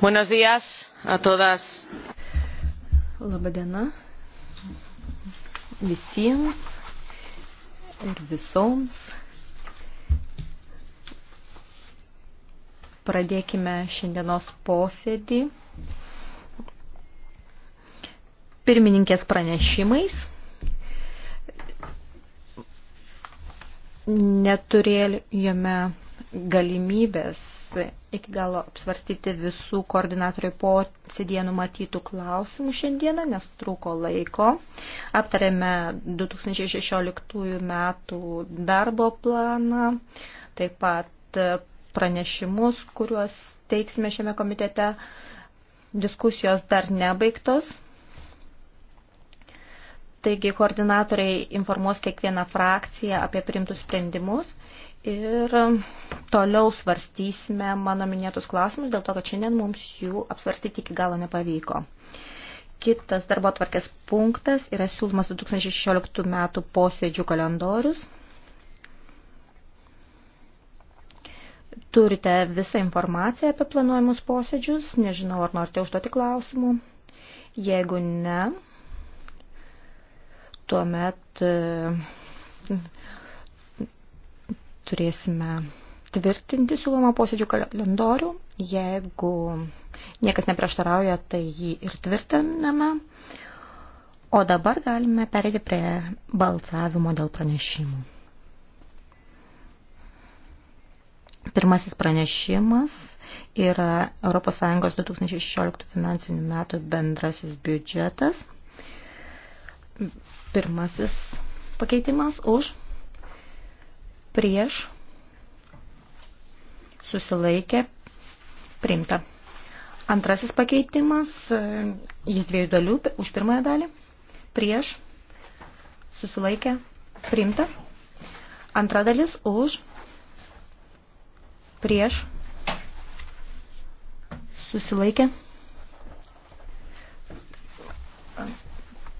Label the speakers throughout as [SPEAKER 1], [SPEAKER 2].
[SPEAKER 1] Buenos días a todas.
[SPEAKER 2] Labadiena visiems ir visoms. Pradėkime šiandienos posėdį pirmininkės pranešimais. Neturėjome galimybės iki galo apsvarstyti visų koordinatorių posėdėje numatytų klausimų šiandieną, nes trūko laiko. Aptarėme 2016 metų darbo planą, taip pat pranešimus, kuriuos teiksime šiame komitete. Diskusijos dar nebaigtos. Taigi koordinatoriai informuos kiekvieną frakciją apie primtus sprendimus ir toliau svarstysime mano minėtus klausimus, dėl to, kad šiandien mums jų apsvarstyti iki galo nepavyko. Kitas darbo tvarkės punktas yra siūlomas 2016 metų posėdžių kalendorius. Turite visą informaciją apie planuojamus posėdžius, nežinau, ar norite užduoti klausimų. Jeigu ne, tuomet turėsime tvirtinti siūlomą posėdžių kalendorių. Jeigu niekas neprieštarauja, tai jį ir tvirtiname. O dabar galime perėti prie balsavimo dėl pranešimų. Pirmasis pranešimas yra ES 2016 finansinių metų bendrasis biudžetas. Pirmasis pakeitimas už prieš, susilaikė, priimta. Antrasis pakeitimas, jis dviejų dalių, už pirmąją dalį, prieš, susilaikė, priimta. Antra dalis, už, prieš, susilaikė.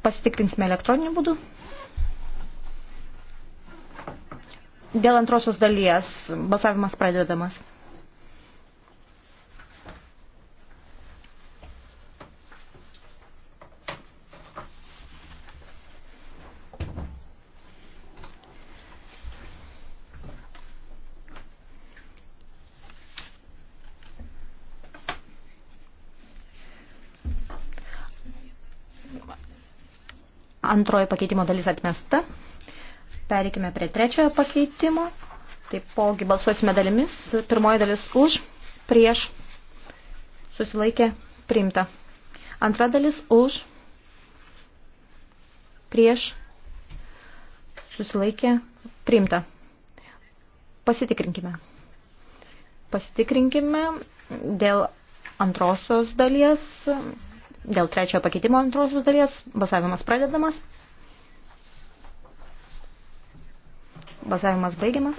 [SPEAKER 2] Pasitikrinsime elektroniniu būdu. Dėl antrosios dalies balsavimas pradedamas. Antroji pakeitimo dalis atmesta. Pereikime prie trečiojo pakeitimo. Taipogi balsuosime dalimis. Pirmoji dalis už, prieš, susilaikė, priimta. Antra dalis už, prieš, susilaikė, priimta. Pasitikrinkime. Pasitikrinkime dėl antrosios dalies, dėl trečiojo pakeitimo antrosios dalies, basavimas pradedamas. Balsavimas baigiamas.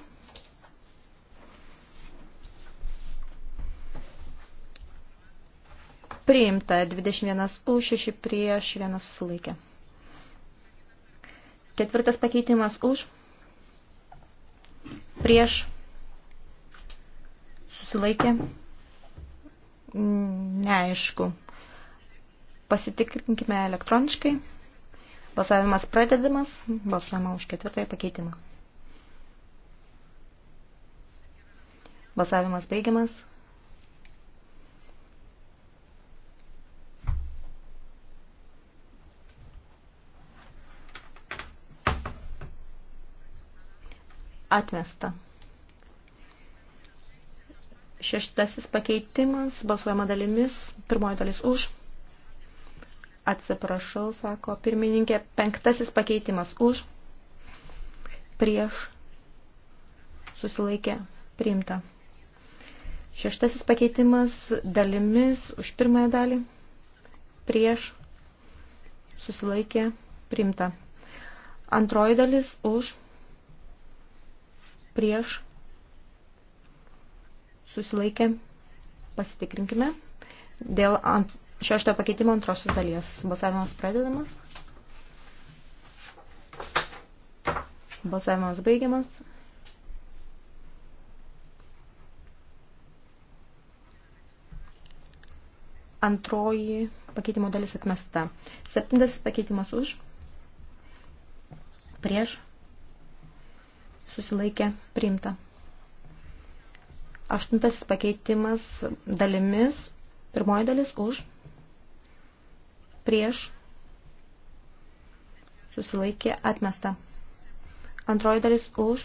[SPEAKER 2] Priimta 21 už 6 prieš 1 susilaikė. Ketvirtas pakeitimas už prieš susilaikė. Neaišku. Pasitikrinkime elektroniškai. Balsavimas pradedamas. Balsuojama už ketvirtąją pakeitimą. Balsavimas baigiamas. Atmesta. Šeštasis pakeitimas, balsuojama dalimis, pirmoji dalis už. Atsiprašau, sako pirmininkė, penktasis pakeitimas už, prieš, susilaikė, priimta. Šeštasis pakeitimas dalimis už pirmąją dalį. Prieš susilaikė primta. Antroji dalis už prieš susilaikė pasitikrinkime. Dėl ant, šešto pakeitimo antrosios dalies balsavimas pradedamas. Balsavimas baigiamas. Antroji pakeitimo dalis atmesta. Septintasis pakeitimas už. Prieš. Susilaikė. Priimta. Aštuntasis pakeitimas dalimis. Pirmoji dalis už. Prieš. Susilaikė. Atmesta. Antroji dalis už.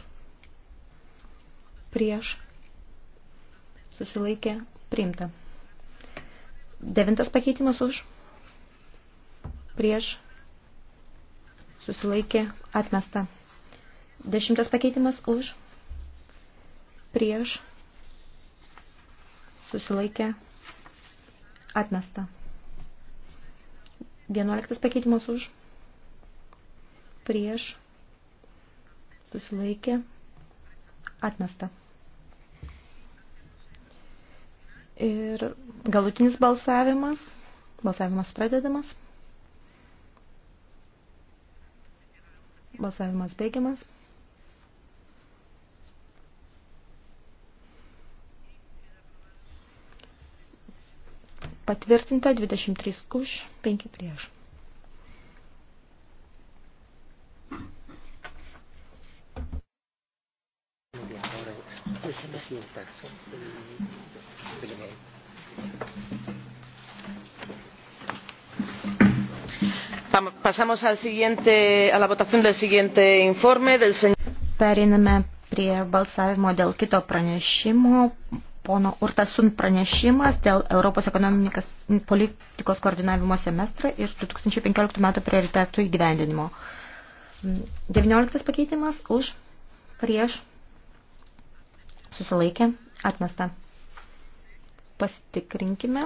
[SPEAKER 2] Prieš. Susilaikė. Priimta. Devintas pakeitimas už. Prieš. Susilaikė. Atmesta. Dešimtas pakeitimas už. Prieš. Susilaikė. Atmesta. Vienuoliktas pakeitimas už. Prieš. Susilaikė. Atmesta. Ir galutinis balsavimas. Balsavimas pradedamas. Balsavimas baigiamas. Patvirtinta 23 už, 5 prieš. semestre. Pasamos al siguiente, a la votación del siguiente informe del señor. Periname prie balsavimo dėl kito pranešimo. Pono Urtasun pranešimas dėl Europos ekonomikos politikos koordinavimo semestrą ir 2015 metų prioritetų įgyvendinimo. 19 mm, pakeitimas už prieš susilaikė, atmesta. Pasitikrinkime.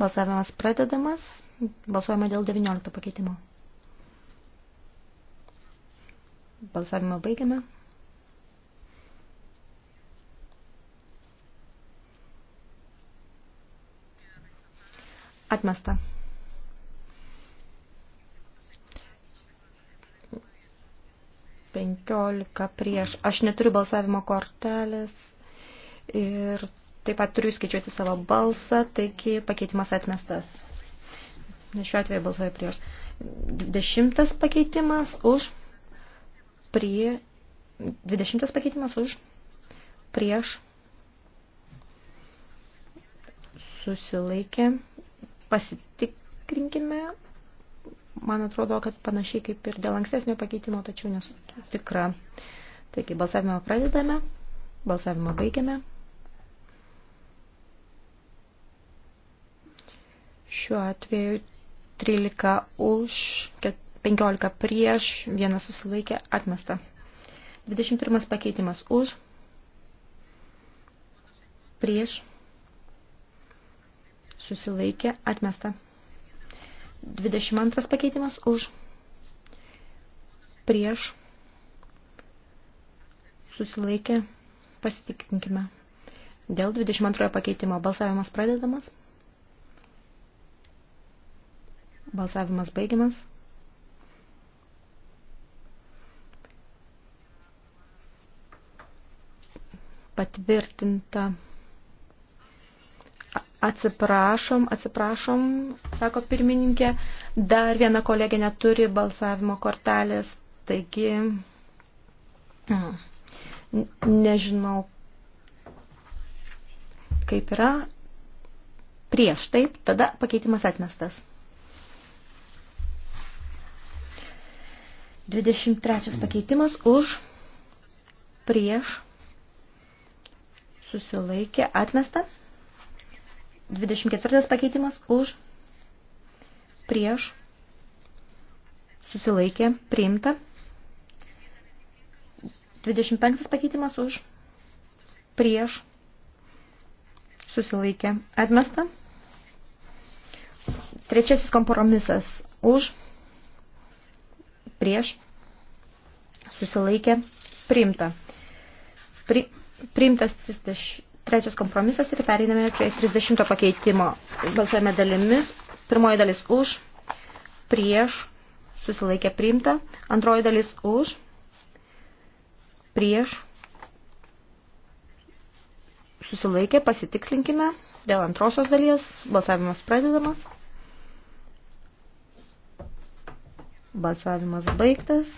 [SPEAKER 2] Balsavimas pradedamas. Balsuojame dėl 19 pakeitimo. Balsavimą baigiame. Atmesta. 15 prieš. Aš neturiu balsavimo kortelės ir taip pat turiu skaičiuoti savo balsą, taigi pakeitimas atmestas. Nes šiuo atveju balsuoju prieš. 20 pakeitimas už prie 20 pakeitimas už prieš susilaikė. Pasitikrinkime man atrodo, kad panašiai kaip ir dėl ankstesnio pakeitimo, tačiau nesu tikra. Taigi balsavimą pradedame, balsavimą baigiame. Šiuo atveju 13 už, 15 prieš, vienas susilaikė, atmesta. 21 pakeitimas už, prieš, susilaikė, atmesta. 22 pakeitimas už prieš susilaikė pasitikinkime. Dėl 22 pakeitimo balsavimas pradedamas. Balsavimas baigiamas. Patvirtinta Atsiprašom, atsiprašom, sako pirmininkė. Dar viena kolegė neturi balsavimo kortelės, taigi
[SPEAKER 1] mm,
[SPEAKER 2] nežinau, kaip yra. Prieš taip, tada pakeitimas atmestas. 23 pakeitimas už, prieš, susilaikė, atmesta. 24 pakeitimas už, prieš, susilaikė, priimta. 25 pakeitimas už, prieš, susilaikė, atmesta. Trečiasis kompromisas už, prieš, susilaikė, priimta. Pri, priimtas 30, Trečias kompromisas ir pereiname prie 30 pakeitimo. Balsuojame dalimis. Pirmoji dalis už, prieš, susilaikė priimta. Antroji dalis už, prieš, susilaikė, pasitikslinkime. Dėl antrosios dalies balsavimas pradedamas. Balsavimas baigtas.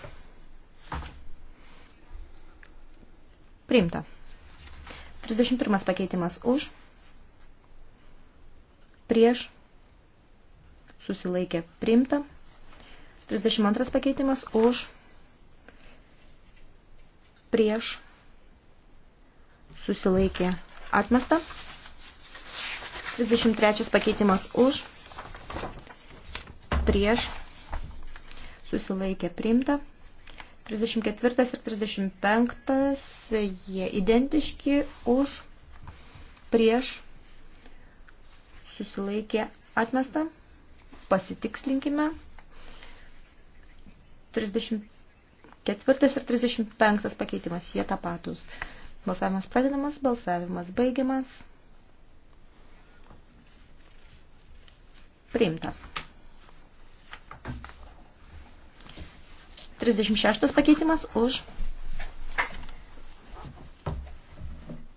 [SPEAKER 2] Priimta. 31 pakeitimas už, prieš, susilaikė priimta. 32 pakeitimas už, prieš, susilaikė atmesta. 33 pakeitimas už, prieš, susilaikė priimta. 34 ir 35, jie identiški už, prieš, susilaikė atmestą, pasitikslinkime. 34 ir 35 pakeitimas, jie tapatus. Balsavimas pradedamas, balsavimas baigiamas. Priimta. 36 pakeitimas už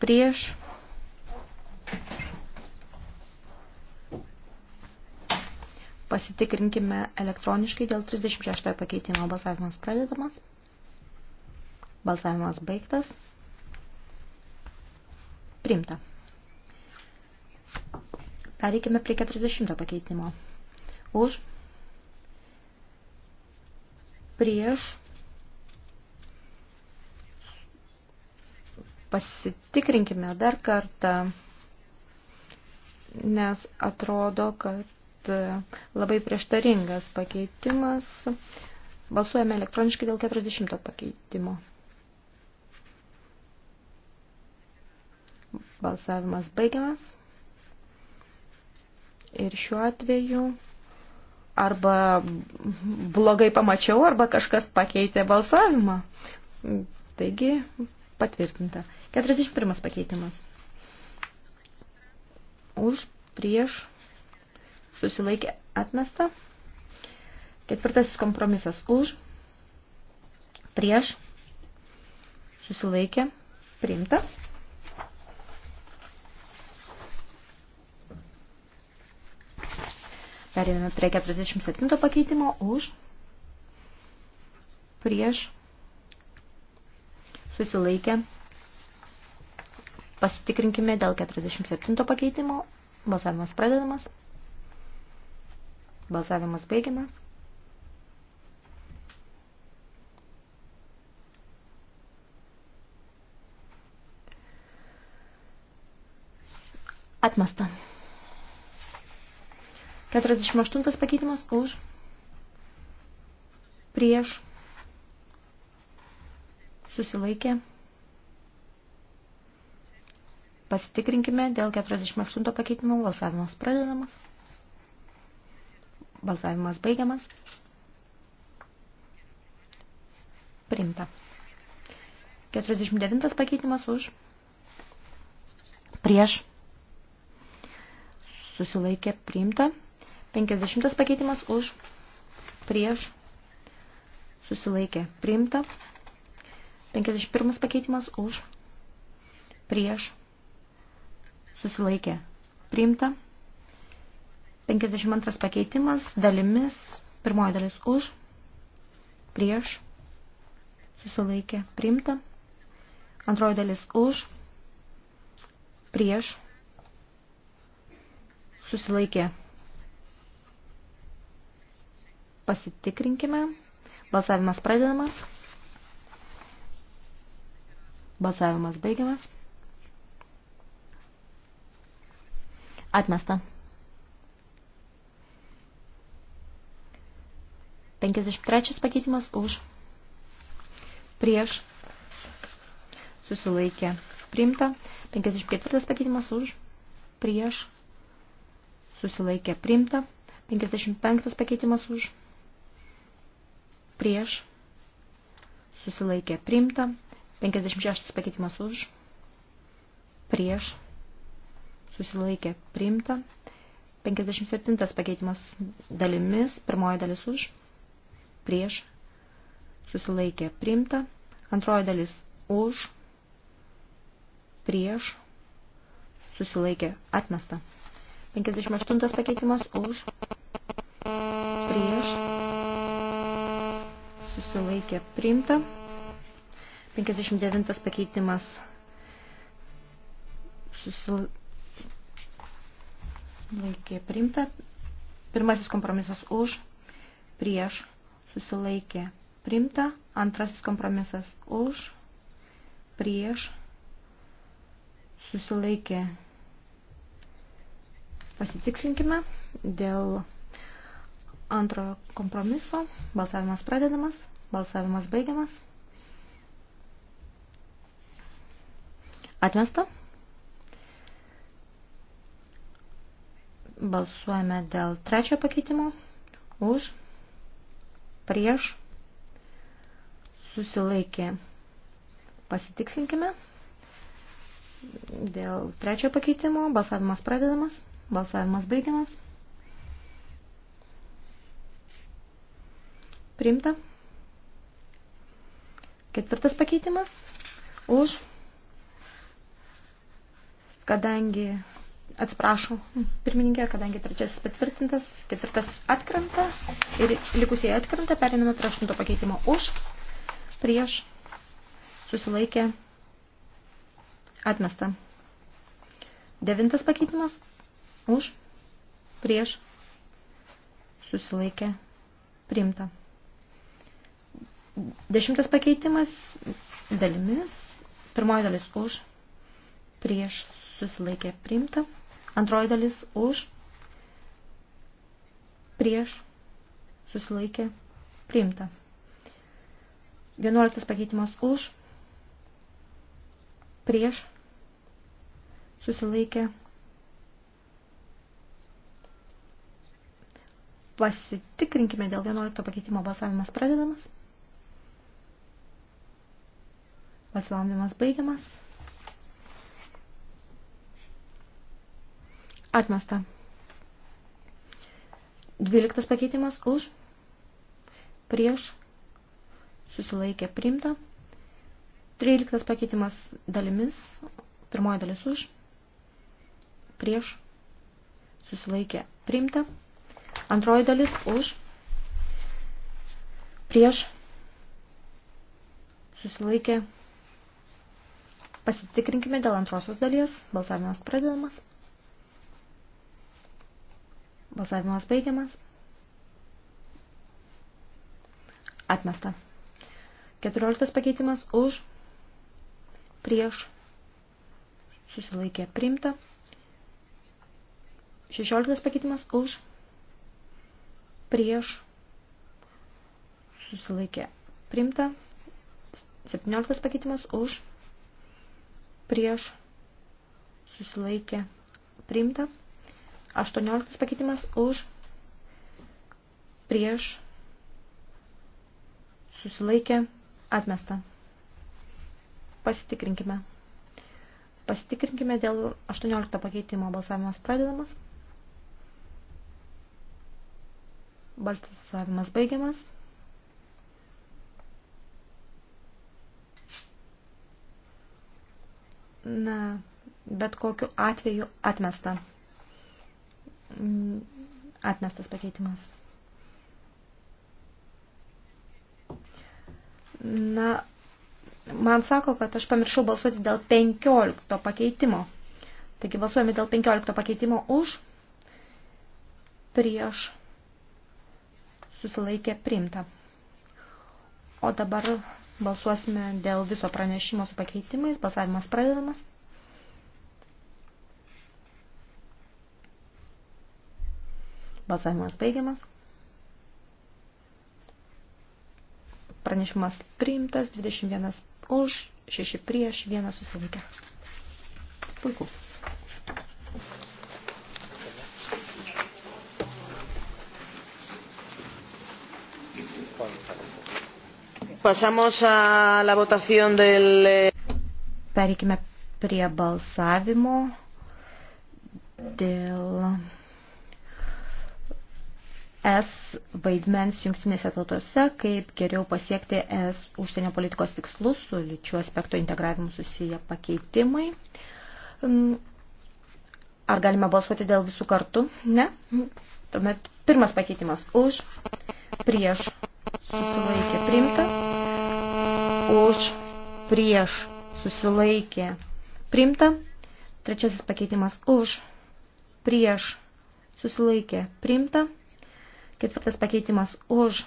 [SPEAKER 2] prieš pasitikrinkime elektroniškai dėl 36 pakeitimo balsavimas pradedamas balsavimas baigtas priimta pereikime prie 40 pakeitimo už prieš pasitikrinkime dar kartą, nes atrodo, kad labai prieštaringas pakeitimas. Balsuojame elektroniškai dėl 40 pakeitimo. Balsavimas baigiamas. Ir šiuo atveju arba blogai pamačiau, arba kažkas pakeitė balsavimą. Taigi, patvirtinta. 41 pakeitimas. Už, prieš, susilaikė atmesta. Ketvirtasis kompromisas. Už, prieš, susilaikė, priimta. Periname prie 47 pakeitimo už prieš susilaikę. Pasitikrinkime dėl 47 pakeitimo. Balsavimas pradedamas. Balsavimas baigiamas. Atmesta. 48 pakeitimas už, prieš, susilaikė. Pasitikrinkime dėl 48 pakeitimo. Balsavimas pradedamas. Balsavimas baigiamas. Priimta. 49 pakeitimas už. Prieš. Susilaikė priimta. 50 pakeitimas už, prieš, susilaikė, priimta. 51 pakeitimas už, prieš, susilaikė, priimta. 52 pakeitimas dalimis, pirmoji dalis už, prieš, susilaikė, priimta. Antroji dalis už, prieš, susilaikė, Pasitikrinkime. Balsavimas pradedamas. Balsavimas baigiamas. Atmesta. 53 pakeitimas už. Prieš. Susilaikė. Priimta. 54 pakeitimas už. Prieš. Susilaikė. Priimta. 55 pakeitimas už prieš, susilaikė priimta, 56 pakeitimas už, prieš, susilaikė priimta, 57 pakeitimas dalimis, pirmoji dalis už, prieš, susilaikė priimta, antroji dalis už, prieš, susilaikė atmesta. 58 pakeitimas už, prieš, susilaikė priimta. 59 pakeitimas susilaikė priimta. Pirmasis kompromisas už, prieš, susilaikė priimta. Antrasis kompromisas už, prieš, susilaikė. Pasitikslinkime dėl antrojo kompromiso. Balsavimas pradedamas. Balsavimas baigiamas. Atmesta. Balsuojame dėl trečio pakeitimo. Už. Prieš. Susilaikė. Pasitikslinkime. Dėl trečio pakeitimo balsavimas pradedamas. Balsavimas baigiamas. Priimta. Ketvirtas pakeitimas už, kadangi, atsiprašau, pirmininkė, kadangi trečiasis patvirtintas, ketvirtasis atkrenta ir likusieji atkrenta, periname prie aštunto pakeitimo už, prieš, susilaikė, atmesta. Devintas pakeitimas už, prieš, susilaikė, priimta. Dešimtas pakeitimas dalimis. Pirmoji dalis už, prieš susilaikė priimta. Antroji dalis už, prieš susilaikė priimta. Vienuoliktas pakeitimas už, prieš susilaikė Pasitikrinkime dėl 11 pakeitimo balsavimas pradedamas. Balsavimas baigiamas. Atmesta. Dvyliktas pakeitimas už, prieš, susilaikė priimta. Tryliktas pakeitimas dalimis, pirmoji dalis už, prieš, susilaikė priimta. Antroji dalis už, prieš, susilaikė priimta Pasitikrinkime dėl antrosios dalies. Balsavimas pradedamas. Balsavimas baigiamas. Atmesta. 14 pakeitimas už, prieš, susilaikė priimta. 16 pakeitimas už, prieš, susilaikė priimta. 17 pakeitimas už, prieš prieš susilaikė priimta. 18 pakeitimas už prieš susilaikė atmesta. Pasitikrinkime. Pasitikrinkime dėl 18 pakeitimo balsavimas pradedamas. Balsavimas baigiamas. Na, bet kokiu atveju atmesta. Mm, atmestas pakeitimas. Na, man sako, kad aš pamiršau balsuoti dėl 15 pakeitimo. Taigi balsuojame dėl 15 pakeitimo už, prieš, susilaikė primta. O dabar Balsuosime dėl viso pranešimo su pakeitimais. Balsavimas pradedamas. Balsavimas baigiamas. Pranešimas priimtas, 21 už, 6 prieš, 1 susilaikė. Puiku. Pasamos a la votación del. Eh, Pereikime prie balsavimo dėl S vaidmens jungtinėse tautose, kaip geriau pasiekti S užsienio politikos tikslus su lyčių aspekto integravimu susiję pakeitimai. Mm, ar galime balsuoti dėl visų kartų? Ne. Tuomet pirmas pakeitimas už, prieš, susilaikė, priimta už, prieš, susilaikė, primta. Trečiasis pakeitimas už, prieš, susilaikė, primta. Ketvirtas pakeitimas už,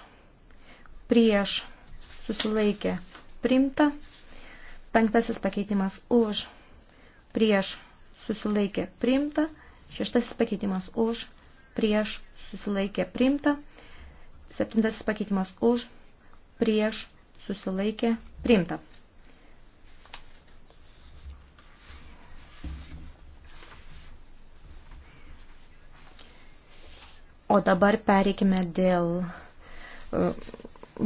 [SPEAKER 2] prieš, susilaikė, primta. Penktasis pakeitimas už, prieš, susilaikė, primta. Šeštasis pakeitimas už, prieš, susilaikė, primta. Septintasis pakeitimas už, prieš, susilaikė, priimta. O dabar pereikime dėl e,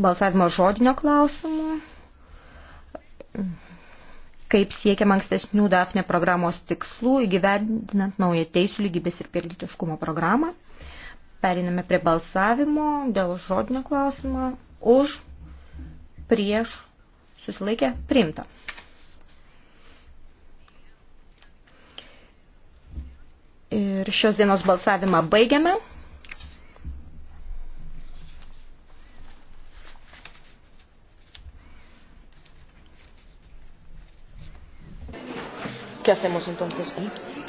[SPEAKER 2] balsavimo žodinio klausimų. Kaip siekiam ankstesnių DAFNE programos tikslų įgyvendinant naują teisų lygybės ir pilietiškumo programą. Periname prie balsavimo dėl žodinio klausimo. Už prieš, susilaikė, priimta. Ir šios dienos balsavimą baigiame.
[SPEAKER 3] ¿Qué hacemos entonces? ¿Eh?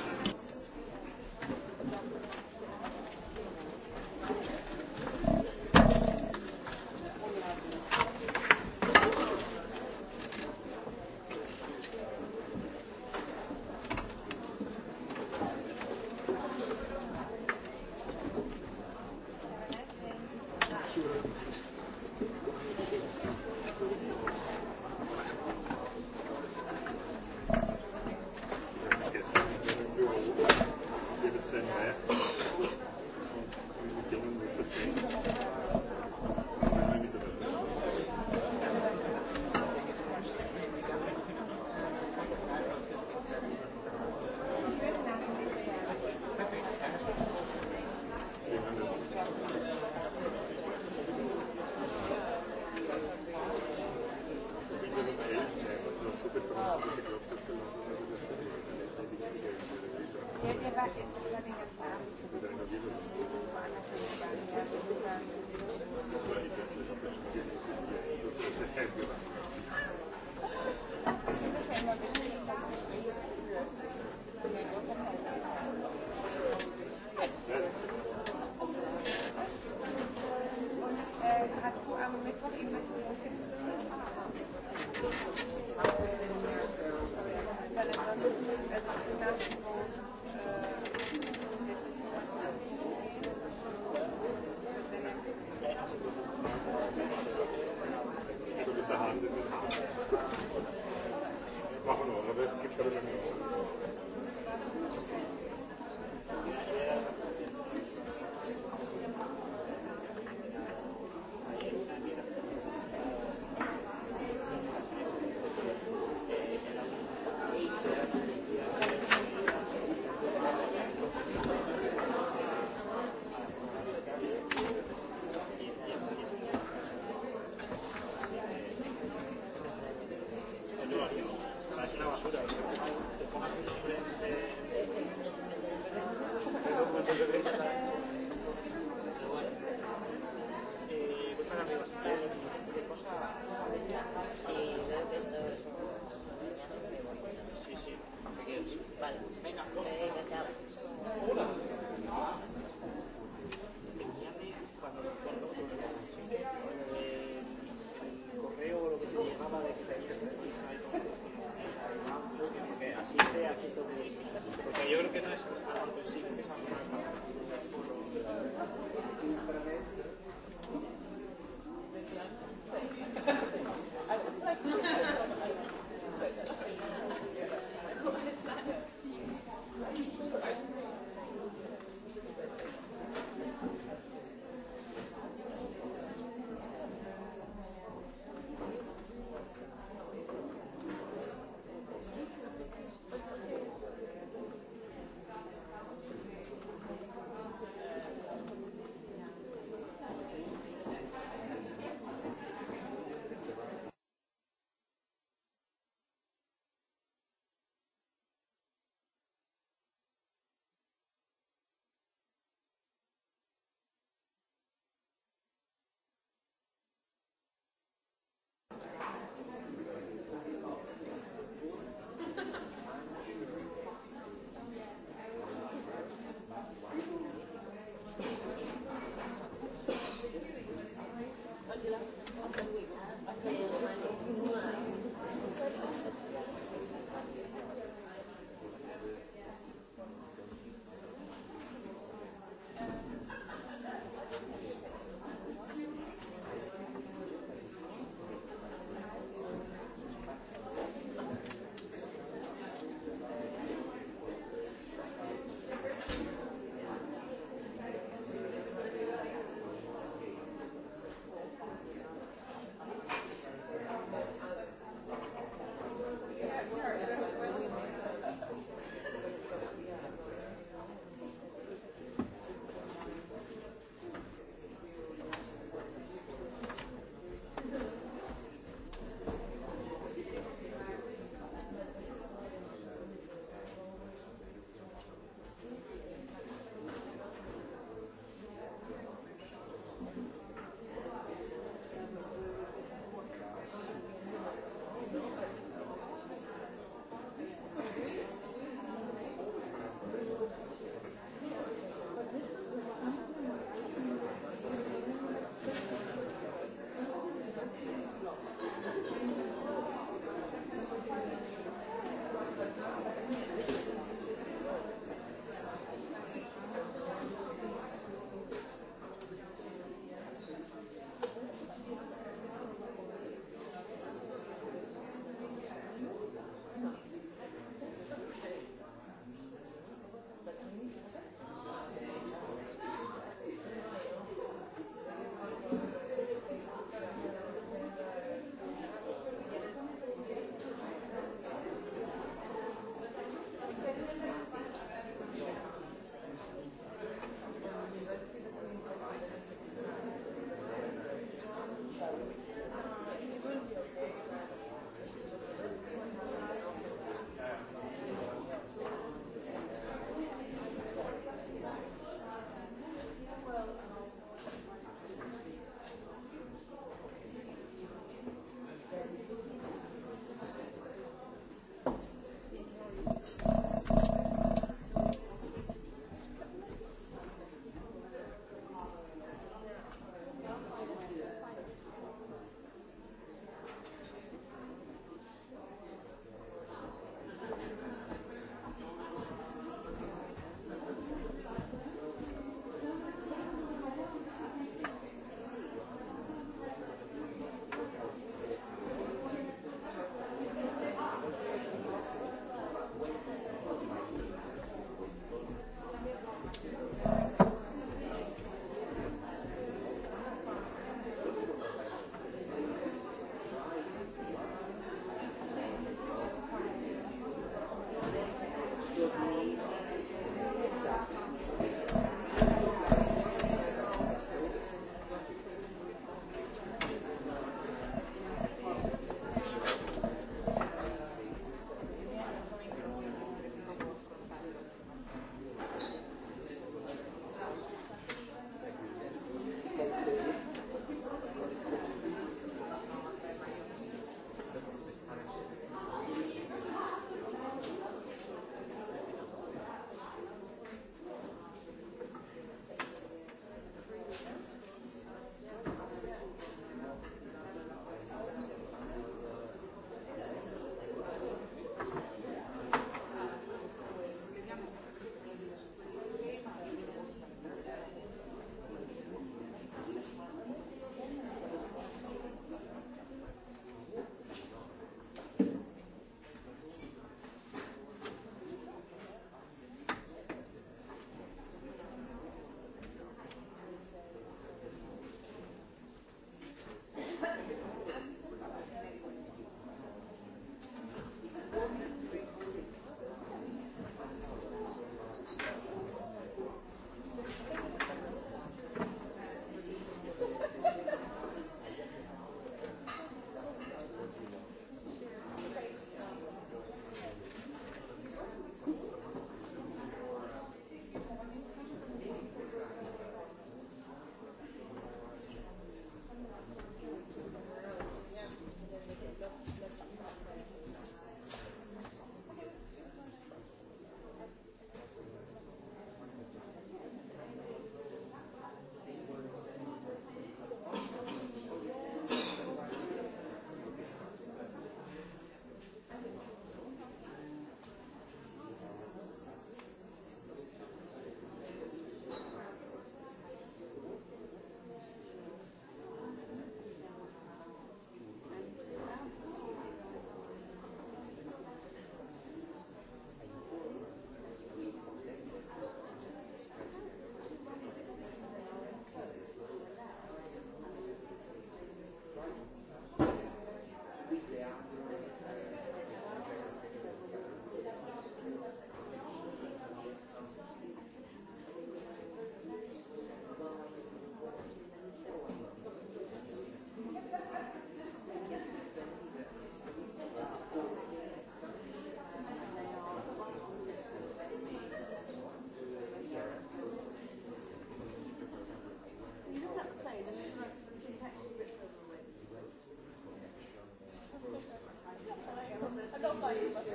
[SPEAKER 1] país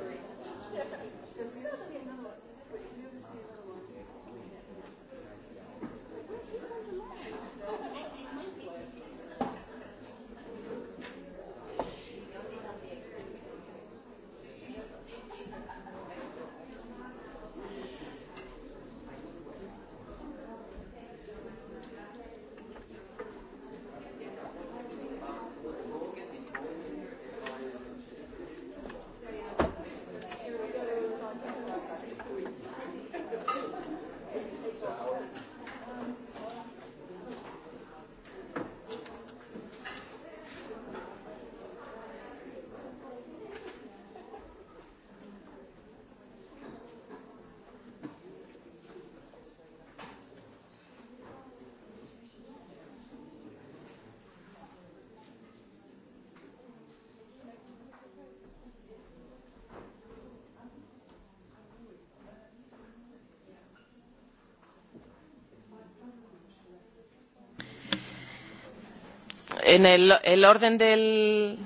[SPEAKER 1] en el, el orden del,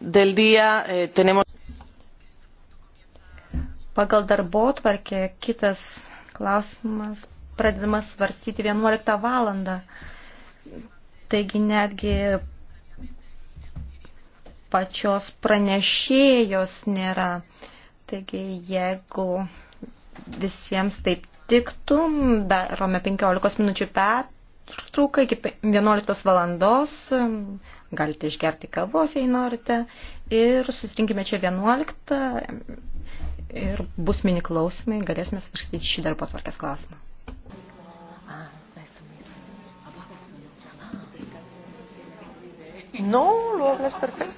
[SPEAKER 1] del día
[SPEAKER 2] eh, tenemos. Pagal darbo tvarkė kitas klausimas pradedamas svarstyti 11 valandą. Taigi netgi pačios pranešėjos nėra. Taigi jeigu visiems taip tiktų, darome 15 minučių pet pertrauka iki 11 valandos, galite išgerti kavos, jei norite, ir susitinkime čia 11 ir bus mini klausimai, galėsime svarstyti šį darbo tvarkės klausimą.
[SPEAKER 1] No, lo hablas perfecto.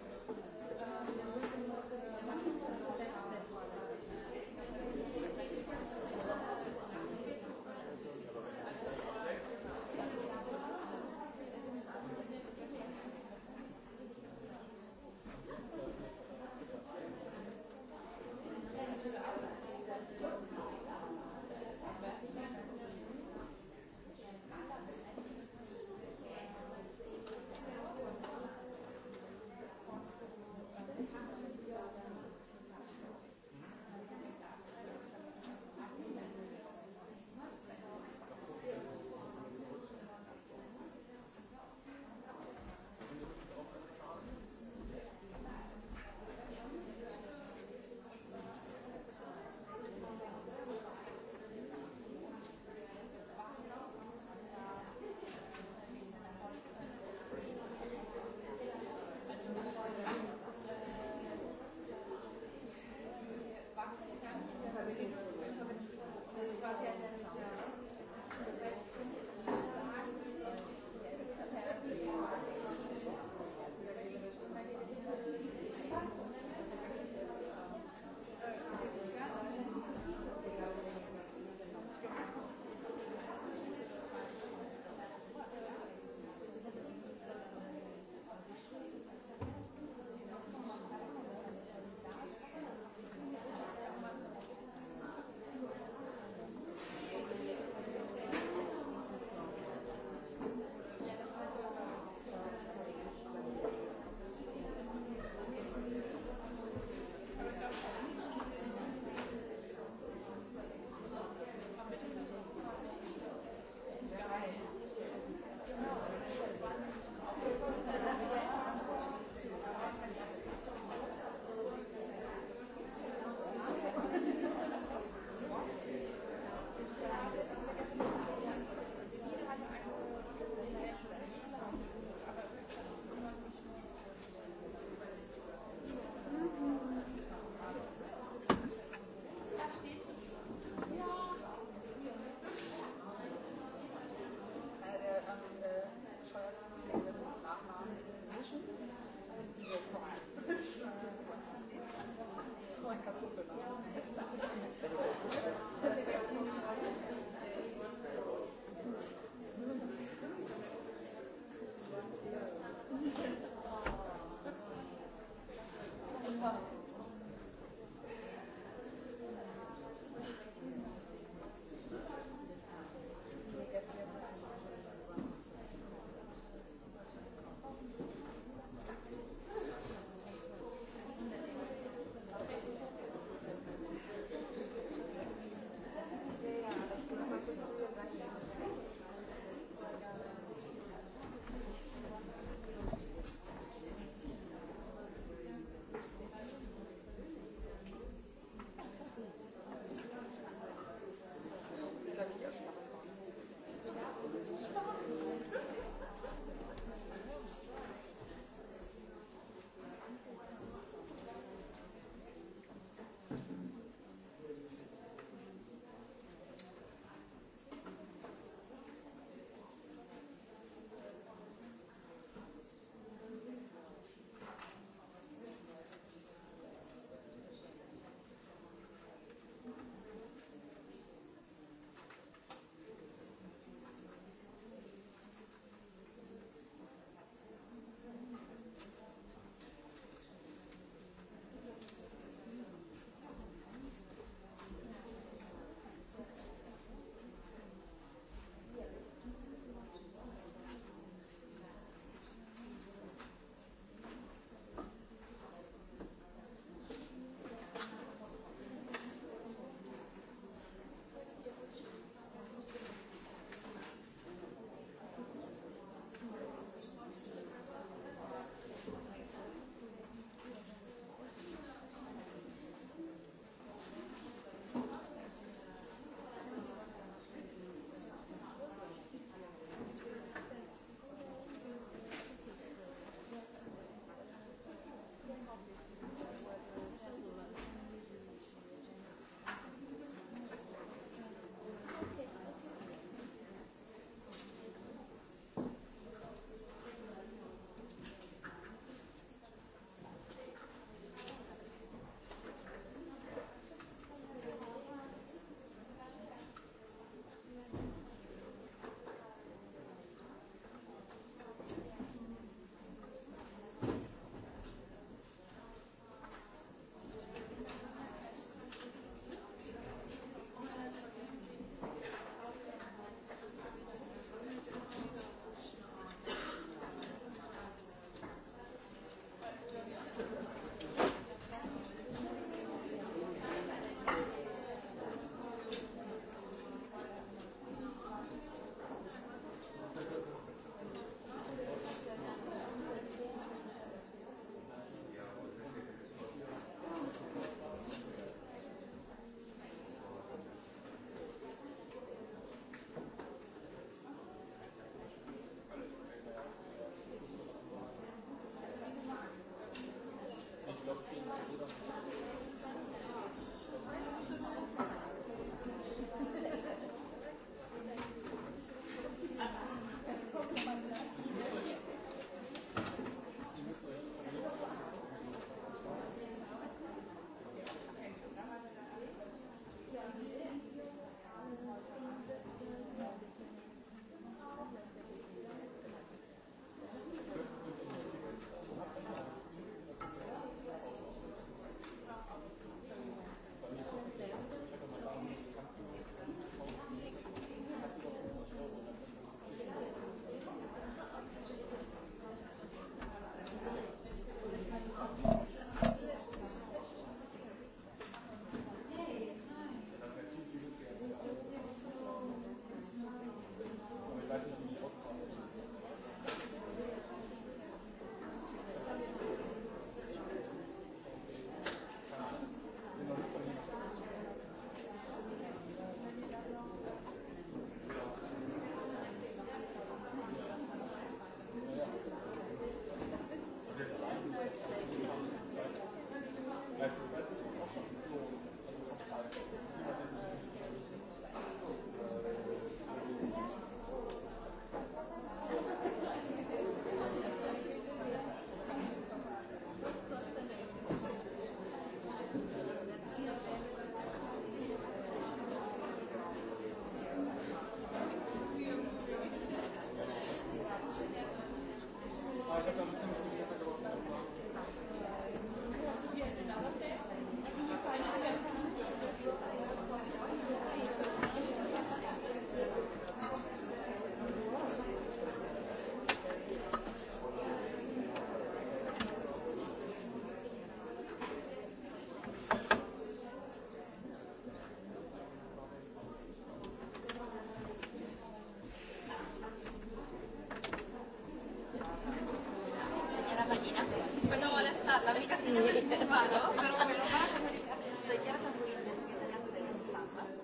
[SPEAKER 1] hermano, pero me lo van a comunicar. Soy ya tan buena que tenía que tener un plan más. Y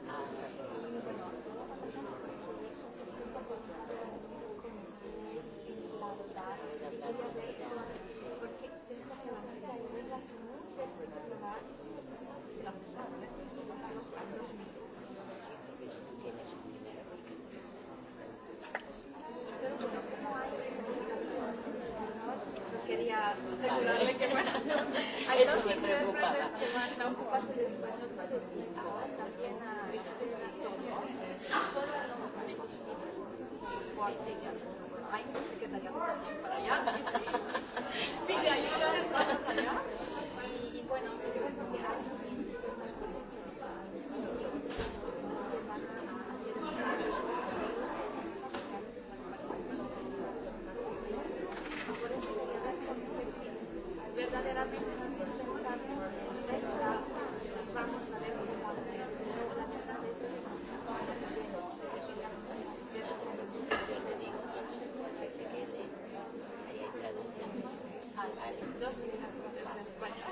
[SPEAKER 1] bueno, porque desgraciadamente hay reglas muy restrictivas que la aplicaron. Esto es lo que pasó en 2000. no soy una profesora de España,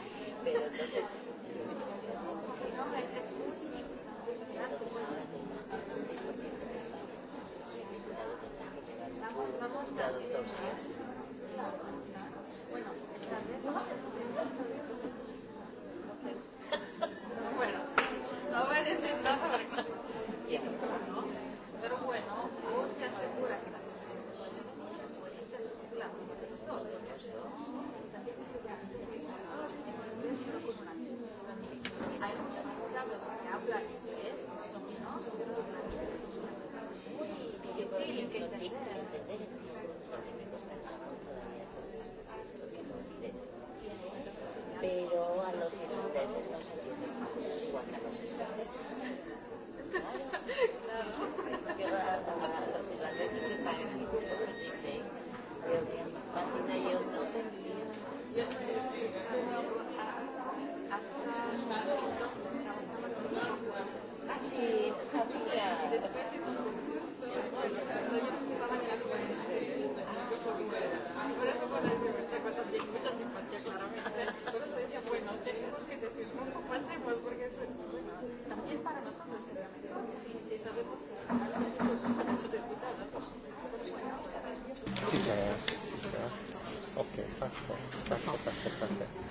[SPEAKER 1] pero entonces no, es, es muy
[SPEAKER 2] vamos, vamos
[SPEAKER 1] traductor.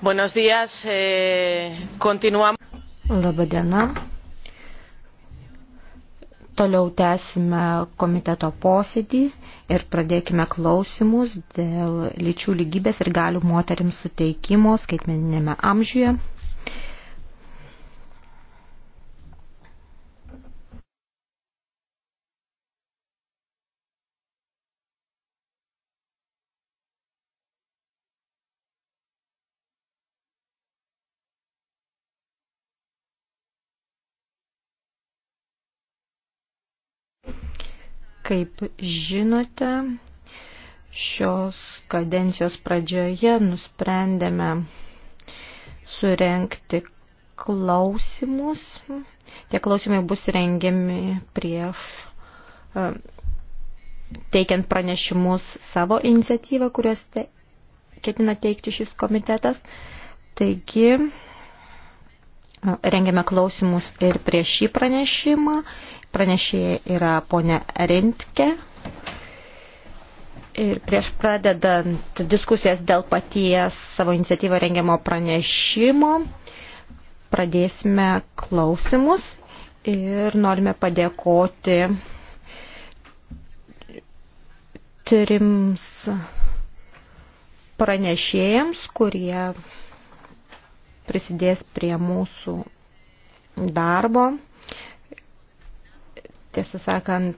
[SPEAKER 1] Buenos días. Eh, continuam.
[SPEAKER 2] Labadiena. Toliau tęsime komiteto posėdį ir pradėkime klausimus dėl lyčių lygybės ir galių moterims suteikimo skaitmeninėme amžiuje. Kaip žinote, šios kadencijos pradžioje nusprendėme surenkti klausimus. Tie klausimai bus rengiami prieš e, teikiant pranešimus savo iniciatyvą, kuriuos te, ketina teikti šis komitetas. Taigi, e, rengiame klausimus ir prieš šį pranešimą Pranešėja yra ponia Rintke. Ir prieš pradedant diskusijas dėl paties savo iniciatyvą rengiamo pranešimo, pradėsime klausimus ir norime padėkoti trims pranešėjams, kurie prisidės prie mūsų darbo tiesą sakant,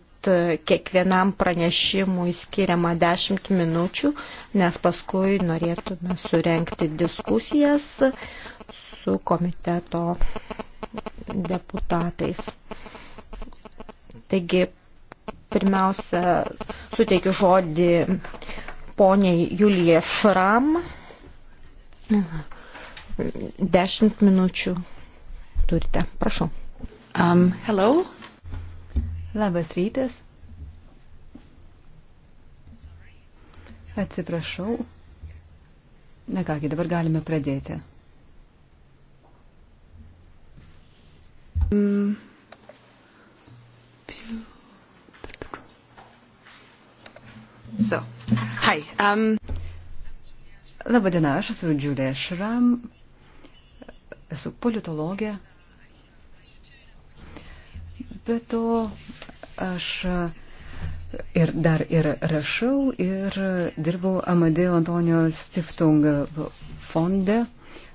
[SPEAKER 2] kiekvienam pranešimui skiriama 10 minučių, nes paskui norėtume surenkti diskusijas su komiteto deputatais. Taigi, pirmiausia, suteikiu žodį poniai Julija Šram. 10 minučių turite. Prašau. Um, hello,
[SPEAKER 3] Labas rytas. Atsiprašau. Na kągi, dabar galime pradėti. Mm. So, hi. Um... Labadiena, aš esu Džiulė Šram, esu politologė. Be to, Aš e, ir dar ir rašau ir dirbau Amadeo Antonio Stiftung fonde.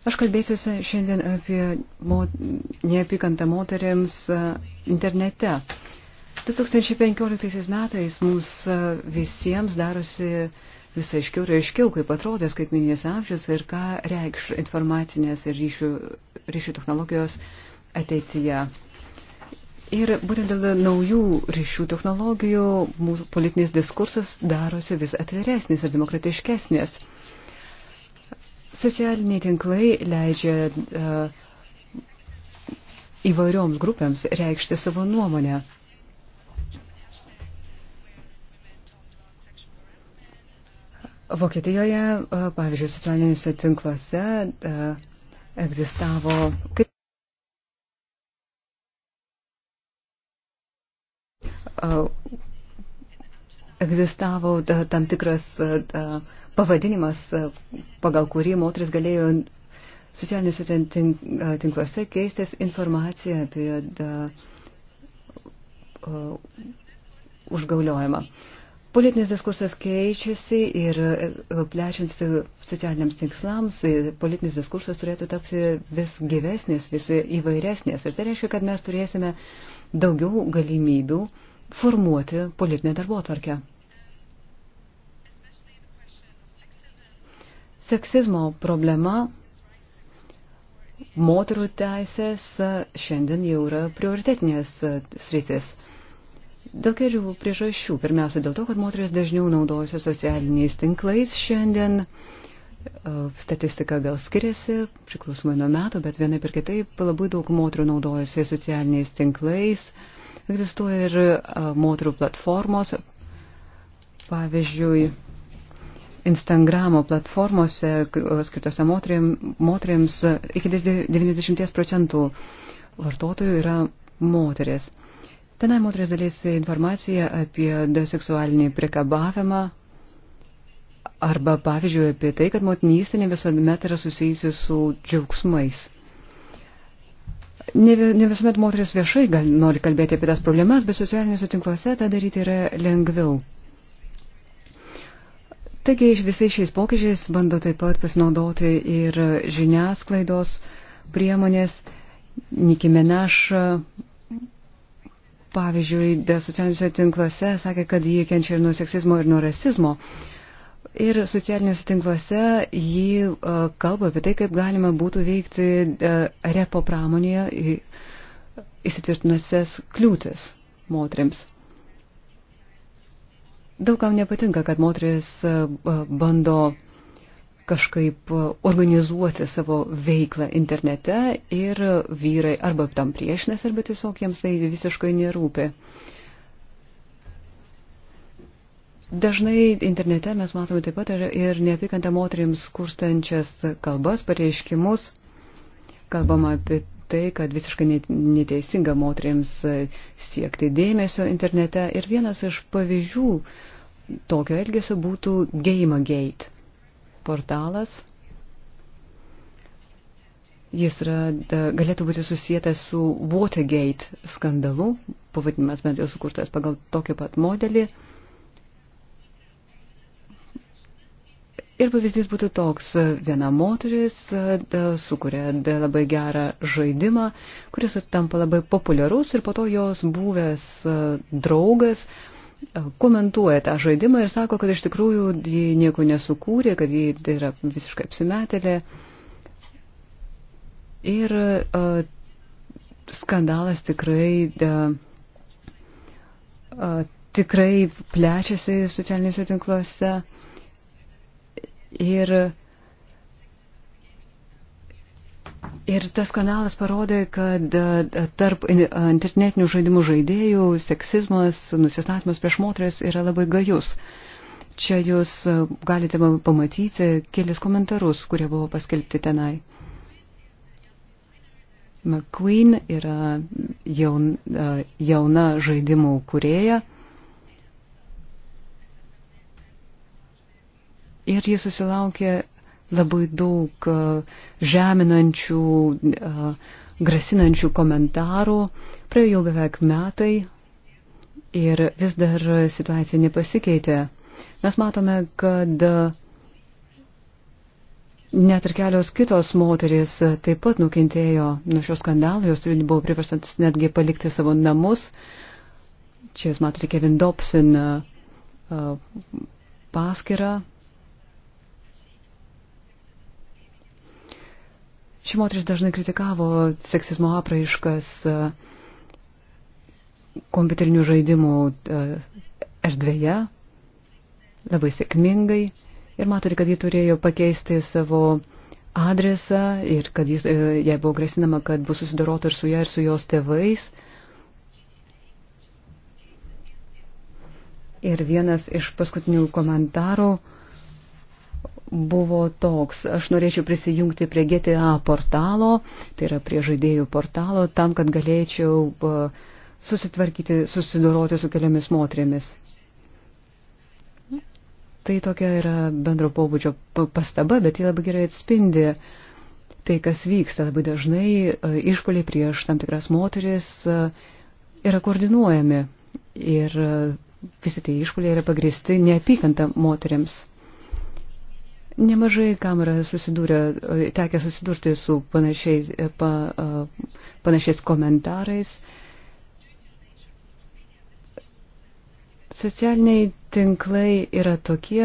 [SPEAKER 3] Aš kalbėsiuosi šiandien apie mot, neapykantą moteriams e, internete. 2015 metais mums e, visiems darosi vis aiškiau ir aiškiau, kaip atrodė skaitmininis amžius ir ką reikš informacinės ir ryšių, ryšių technologijos ateityje. Ir būtent dėl naujų ryšių technologijų mūsų politinis diskursas darosi vis atviresnis ir demokratiškesnis. Socialiniai tinklai leidžia uh, įvairioms grupėms reikšti savo nuomonę. Vokietijoje, e, pavyzdžiui, socialiniuose tinkluose e, egzistavo kaip egzistavo tam tikras pavadinimas, pagal kurį moteris galėjo socialiniuose tinkluose keistis informaciją apie da, užgauliojimą. Politinis diskursas keičiasi ir plečiansi socialiniams tikslams, politinis diskursas turėtų tapti vis gyvesnis, vis įvairesnis. Ir tai reiškia, kad mes turėsime daugiau galimybių uh, formuoti politinę darbo tvarkę. Seksizmo problema, moterų teisės šiandien jau yra prioritetinės sritis. Dėl kelių priežasčių. Pirmiausia, dėl to, kad moteris dažniau naudojasi socialiniais tinklais šiandien. Statistika gal skiriasi, priklausomai nuo metų, bet vienaip ir kitaip labai daug moterų naudojasi socialiniais tinklais. Uh, Egzistuoja ir moterų platformos, pavyzdžiui, Instagramo platformose skirtose moteriam, moteriams iki 90 procentų vartotojų yra moteris. Tenai moteris dalys informaciją apie seksualinį prikabavimą arba, pavyzdžiui, apie tai, kad motinystė ne visuomet yra susijusi su džiaugsmais. Ne, ne visuomet moteris viešai gal, nori kalbėti apie tas problemas, bet socialiniuose tinkluose tą daryti yra lengviau. Taigi visais šiais pokyčiais bando taip pat pasinaudoti ir žiniasklaidos priemonės. Nikimenaš, pavyzdžiui, socialiniuose tinkluose sakė, kad jie kenčia ir nuo seksizmo, ir nuo rasizmo. Uh, Ir socialiniuose tinkluose jį e, kalba apie tai, kaip galima būtų veikti e, repo pramonėje įsitvirtinusias kliūtis moteriams. Daugam nepatinka, kad moteris e, bando kažkaip organizuoti savo veiklą internete ir vyrai arba tam priešinės, arba tiesiog jiems tai visiškai nerūpi. Uh, Dažnai internete mes matome taip pat ir neapykantą moteriams kurstančias kalbas, pareiškimus. Kalbama apie tai, kad visiškai neteisinga moteriams siekti dėmesio internete. Ir vienas iš pavyzdžių tokio elgesio būtų GameGate portalas. Jis yra, galėtų būti susijęs su Watergate skandalu, pavadinimas bent jau sukurtas pagal tokį pat modelį. Ir pavyzdys būtų toks, viena moteris e, sukuria labai gerą žaidimą, kuris tampa labai populiarus ir po to jos buvęs e, draugas e, komentuoja tą žaidimą ir sako, kad iš tikrųjų ji nieko nesukūrė, kad ji yra visiškai apsimetėlė. Ir uh, skandalas tikrai, uh, tikrai plečiasi socialiniuose tinkluose. Uh, Ir, ir tas kanalas parodė, kad e, tarp internetinių žaidimų žaidėjų seksizmas, nusistatymas prieš moteris yra labai gajus. Čia jūs e, galite pamatyti kelis komentarus, kurie buvo paskelbti tenai. McQueen yra jaun, e, jauna žaidimų kurėja Ir jis susilaukė labai daug e, žeminančių, e, grasinančių komentarų. Praėjo jau beveik metai ir vis dar situacija nepasikeitė. Mes matome, kad net ir kelios kitos moteris taip pat nukentėjo nuo šios skandalų, jos buvo priversantis netgi palikti savo namus. Čia jūs matote Kevin Dobson e, paskirą Ši moteris dažnai kritikavo seksizmo apraiškas e, kompiuterinių žaidimų e, erdvėje labai sėkmingai ir matote, kad ji turėjo pakeisti savo adresą ir kad jis, e, jai buvo grasinama, kad bus susidarota ir su ją, ir su jos tėvais. Ir vienas iš paskutinių komentarų uh, buvo toks. Aš norėčiau prisijungti prie GTA portalo, tai yra prie žaidėjų portalo, tam, kad galėčiau e, susitvarkyti, susidoroti su keliomis moteriamis. Tai tokia yra bendro pobūdžio pastaba, bet ji labai gerai atspindi tai, kas vyksta. Labai dažnai e, išpoliai prieš tam tikras moteris e, yra koordinuojami ir visi tie išpoliai yra pagristi neapykanta moteriams. Nemažai kamera susidūrė, tekia susidurti su panašiais, e, pa, e, panašiais komentarais. Socialiniai tinklai yra tokie,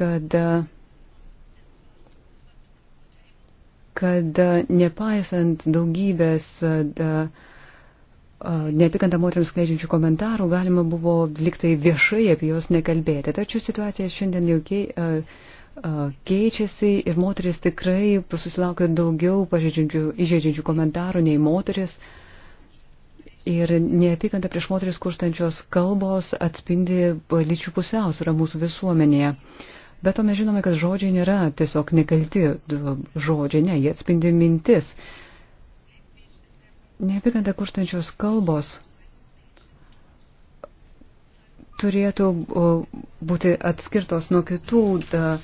[SPEAKER 3] kad, kad nepaisant daugybės da, e, neapykantą moteriams skleidžiančių komentarų, galima buvo liktai viešai apie juos nekalbėti. Tačiau situacija šiandien jau kei, keičiasi ir moteris tikrai susilaukia daugiau pažeidžiančių komentarų nei moteris. Ir neapykanta prieš moteris kurstančios kalbos atspindi lyčių pusiausvyrą mūsų visuomenėje. Bet to mes žinome, kad žodžiai nėra tiesiog nekalti žodžiai, ne, jie atspindi mintis. Neapykanta kurstančios kalbos turėtų būti atskirtos nuo kitų da,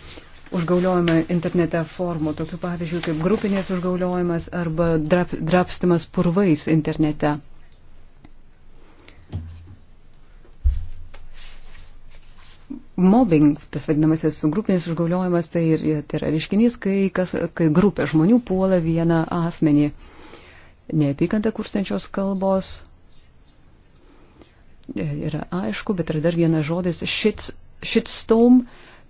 [SPEAKER 3] užgauliojimo internete formų, tokių pavyzdžių kaip grupinės užgauliojimas arba drap, drapstimas purvais internete. Mobbing, tas vadinamasis grupinis užgauliojimas, tai, ir, tai yra reiškinys, kai, kas, kai grupė žmonių puola vieną asmenį. Neapykantą kurstančios kalbos E, yra aišku, bet yra dar vienas žodis shit, shitstorm,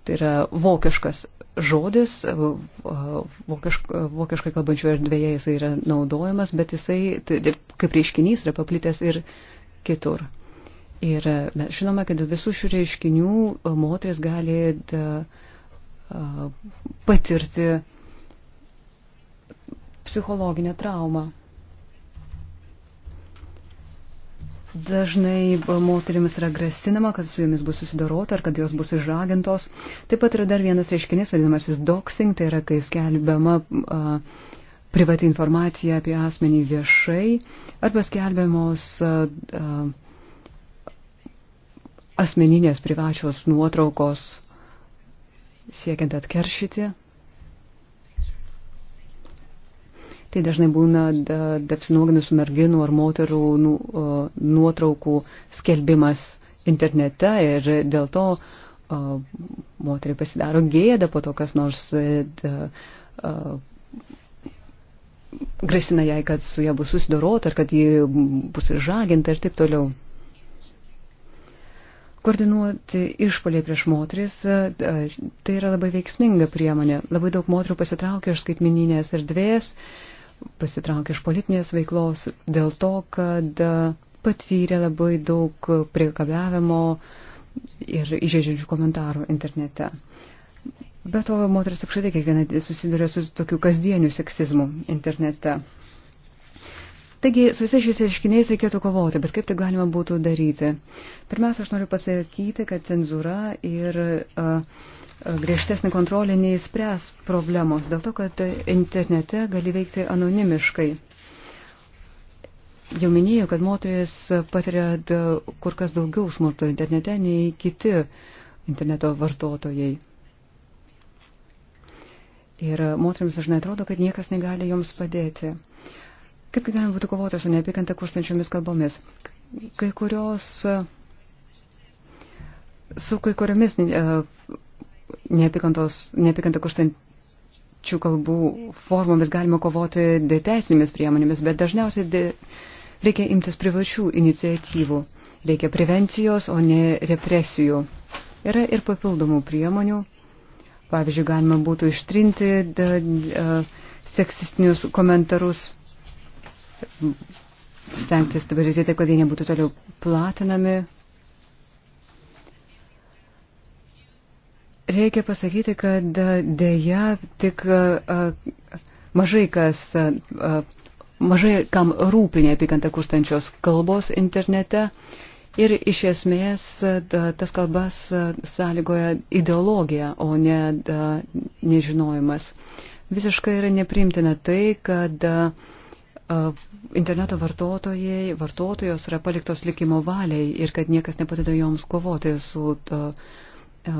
[SPEAKER 3] tai yra vokiškas žodis, e, e, vokišk, vokiškai kalbančioje erdvėje jisai yra naudojamas, bet jisai tai, kaip reiškinys yra paplitęs ir kitur. Ir mes žinome, kad dėl visų šių reiškinių moteris gali da, patirti psichologinę traumą. Dažnai moterimis yra grasinama, kad su jomis bus susidorota ar kad jos bus išragintos. Taip pat yra dar vienas reiškinys, vadinamasis doxing, tai yra, kai skelbiama a, privati informacija apie asmenį viešai arba skelbiamos a, a, asmeninės privačios nuotraukos siekiant atkeršyti Tai dažnai būna apsinuoginusių merginų ar moterų nu, nuotraukų skelbimas internete ir dėl to moteriai pasidaro gėda po to, kas nors e, da, a, grasina jai, kad su ja bus susidorota, ar kad ji bus išžaginta ir taip toliau. Koordinuoti išpolį prieš moteris, e, tai yra labai veiksminga priemonė. Labai daug moterų pasitraukia iš skaitmininės erdvės pasitraukė iš politinės veiklos dėl to, kad e, patyrė labai daug priekabiavimo ir įžeidžiančių komentarų internete. Bet to moteris apšaitai kiekvieną susiduria su tokiu kasdieniu seksizmu internete. Taigi, su visais šiais reiškiniais reikėtų kovoti, bet kaip tai galima būtų daryti? Pirmiausia, aš noriu pasakyti, kad cenzūra ir uh, griežtesnė kontrolė neįspręs problemos, dėl to, kad internete gali veikti anonimiškai. Jau minėjau, kad moteris patiria kur kas daugiau smurto internete nei kiti interneto vartotojai. Ir moteriams dažnai atrodo, kad niekas negali joms padėti. Kaip tai galima būtų kovoti su neapykanta kurstančiomis kalbomis? Kai kurios, su kai kuriomis uh, neapykantą kurstančių kalbų formomis galima kovoti deteisinėmis priemonėmis, bet dažniausiai de, reikia imtis privačių iniciatyvų. Reikia prevencijos, o ne represijų. Yra ir papildomų priemonių. Pavyzdžiui, galima būtų ištrinti da, da, seksistinius komentarus, stengtis dabar įsitė, kad jie nebūtų toliau platinami, Reikia pasakyti, kad e, dėja tik e, e, mažai kas, mažai kam rūpi neapykantą kurstančios kalbos internete. Ir iš esmės tas kalbas sąlygoja ideologija, o ne nežinojimas. Visiškai yra neprimtina tai, kad interneto vartotojai, vartotojos yra paliktos likimo valiai ir kad niekas nepadeda joms kovoti su. To, E,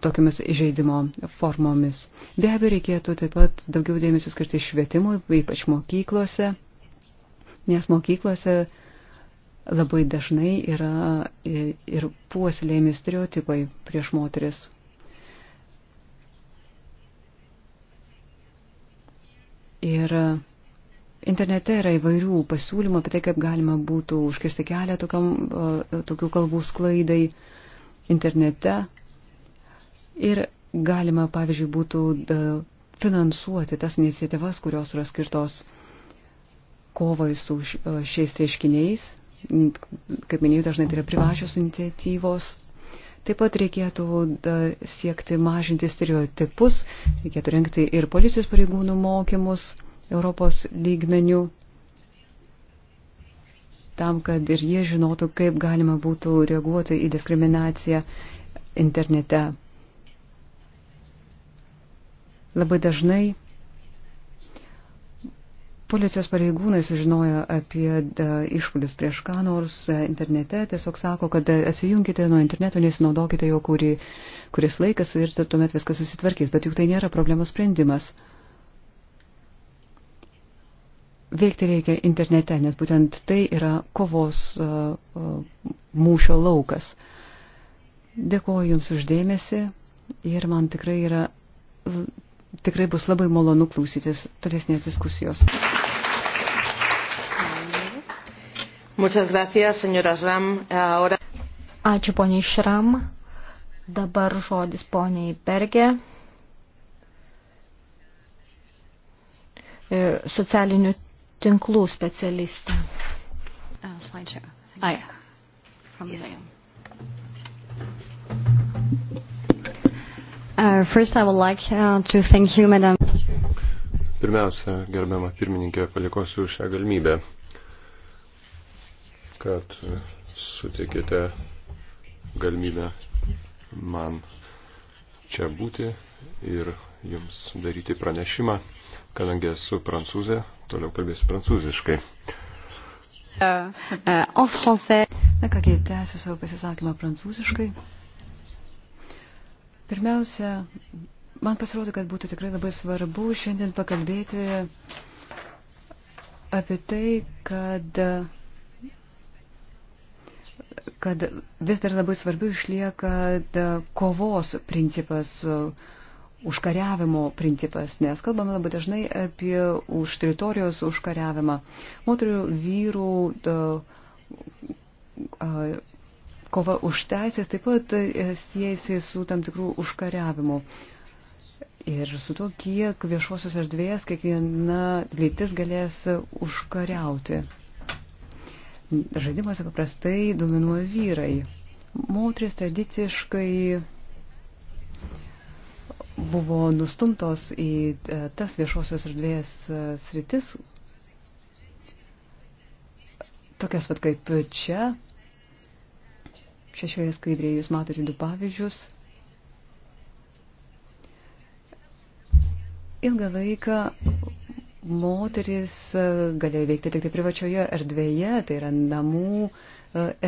[SPEAKER 3] tokiamis žaidimo formomis. Be abejo, reikėtų taip pat daugiau dėmesio skirti švietimui, ypač mokyklose, nes mokyklose labai dažnai yra ir puoselėjami stereotipai prieš moteris. Ir internete yra įvairių pasiūlymų apie tai, kaip galima būtų užkirsti kelią tokiam, e, tokių kalbų sklaidai internete. Ir galima, pavyzdžiui, būtų e, finansuoti tas iniciatyvas, kurios yra skirtos kovai su e, šiais reiškiniais. Kaip minėjau, dažnai tai yra privačios iniciatyvos. Taip pat reikėtų da, siekti mažinti stereotipus, reikėtų renkti ir policijos pareigūnų mokymus Europos lygmenių, tam, kad ir jie žinotų, kaip galima būtų reaguoti į diskriminaciją internete. Labai dažnai policijos pareigūnai sužinojo apie e, išpolius prieš ką nors e, internete, tiesiog sako, kad e, atsijunkite nuo interneto, nesinaudokite jo kurį, kuris laikas ir tuomet viskas susitvarkys, bet juk tai nėra problemos sprendimas. Veikti reikia internete, nes būtent tai yra kovos mūšio laukas. Dėkuoju Jums uždėmesi ir man tikrai yra tikrai bus labai malonu klausytis tolesnės diskusijos.
[SPEAKER 2] Muchas gracias, señora Ram. Ahora... Ačiū poniai Šram. Dabar žodis poniai Bergė. E, socialinių tinklų specialistė.
[SPEAKER 1] Uh, slideshow.
[SPEAKER 2] I, from yes. the
[SPEAKER 3] Uh, first, I would like uh, to thank you, Madam.
[SPEAKER 4] Pirmiausia, gerbiama pirmininkė, palikosiu šią galimybę, kad sutikite galimybę man čia būti ir jums daryti pranešimą, kadangi esu prancūzė, toliau kalbėsiu prancūziškai.
[SPEAKER 2] Uh,
[SPEAKER 3] uh, Na kągi, tęsiu savo pasisakymą prancūziškai. Pirmiausia, man pasirodo, kad būtų tikrai labai svarbu šiandien pakalbėti apie tai, kad, kad vis dar labai svarbu išlieka kovos principas, užkariavimo principas, nes kalbame labai dažnai apie už teritorijos užkariavimą. Moterių vyrų kova už teisės taip pat e, siejasi su tam tikrų užkariavimu. Ir su to, kiek viešosios erdvės kiekviena lytis galės užkariauti. Žaidimuose paprastai dominuoja vyrai. Moteris tradiciškai buvo nustumtos į e, tas viešosios erdvės e, sritis, tokias pat kaip čia, Šešioje skaidrėje jūs matote du pavyzdžius. Ilgą laiką moteris galėjo veikti tik tai privačioje erdvėje, tai yra namų e,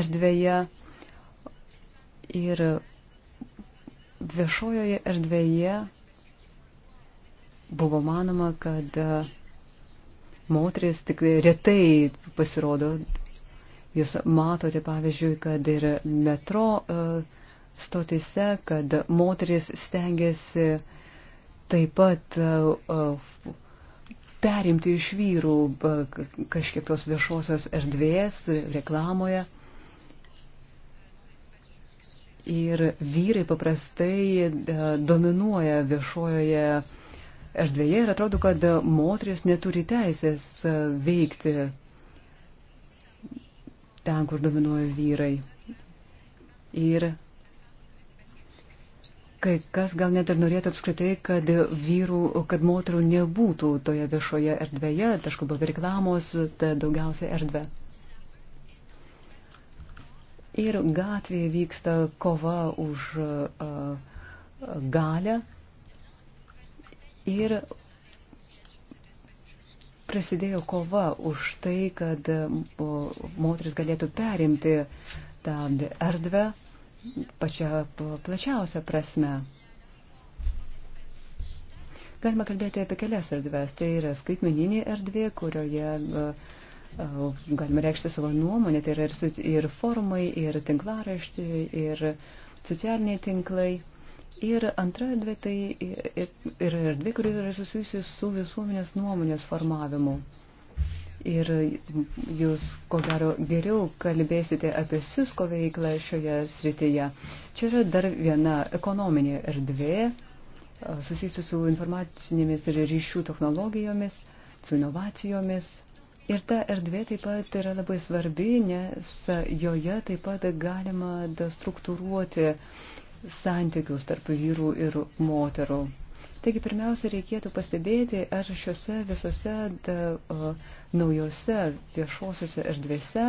[SPEAKER 3] erdvėje. Ir viešojoje erdvėje buvo manoma, kad e, moteris tik retai pasirodo Jūs matote, pavyzdžiui, kad ir metro e, stotise, kad moteris stengiasi taip pat e, e, perimti iš vyrų kažkiek tos viešosios erdvės reklamoje. Ir vyrai paprastai dominuoja viešojoje erdvėje ir atrodo, kad moteris neturi teisės veikti ten, kur dominuoja vyrai. Ir kai kas gal net ir norėtų apskritai, kad vyrų, kad moterų nebūtų toje viešoje erdvėje, tašku, buvo reklamos, ta daugiausia erdvė. Ir gatvėje vyksta kova už uh, galę. Ir prasidėjo kova už tai, kad moteris galėtų perimti tą erdvę pačią plačiausią prasme. Galima kalbėti apie kelias erdves. Tai yra skaitmeninė erdvė, kurioje galima reikšti savo nuomonę. Tai yra ir, ir forumai, ir tinklaraščiai, ir socialiniai tinklai. Ir antra erdvė tai yra erdvė, kuri yra susijusi su visuomenės nuomonės formavimu. Ir jūs, ko gero, geriau kalbėsite apie Sisko veiklą šioje srityje. Čia yra dar viena ekonominė erdvė susijusi su informacinėmis ir ryšių technologijomis, su inovacijomis. Ir ta erdvė taip pat yra labai svarbi, nes joje taip pat galima struktūruoti uh, santykius tarp vyrų ir moterų. Taigi pirmiausia, reikėtų pastebėti, ar šiuose visose da, o, naujose viešosiuose erdvėse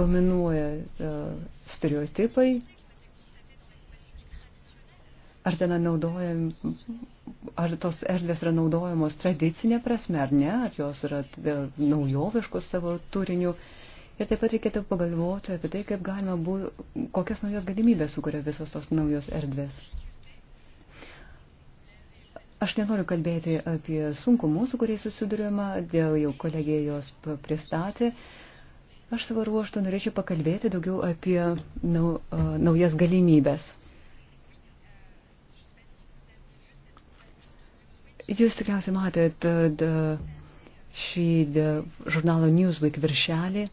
[SPEAKER 3] dominuoja da, stereotipai, ar ten naudojam, ar tos erdvės yra naudojamos tradicinė prasme, ar ne, ar jos yra naujoviškos savo turiniu. Uh, Ir taip pat reikėtų pagalvoti apie tai, kaip galima būtų, kokias naujas galimybės sukuria visos tos naujos erdvės. Aš nenoriu kalbėti apie sunkumus, su kuriais susidurima, dėl jau kolegija jos pristatė. Aš savo ruoštų norėčiau pakalbėti daugiau apie nau, naujas galimybės. Jūs tikriausiai matėt šį žurnalo Newsweek viršelį.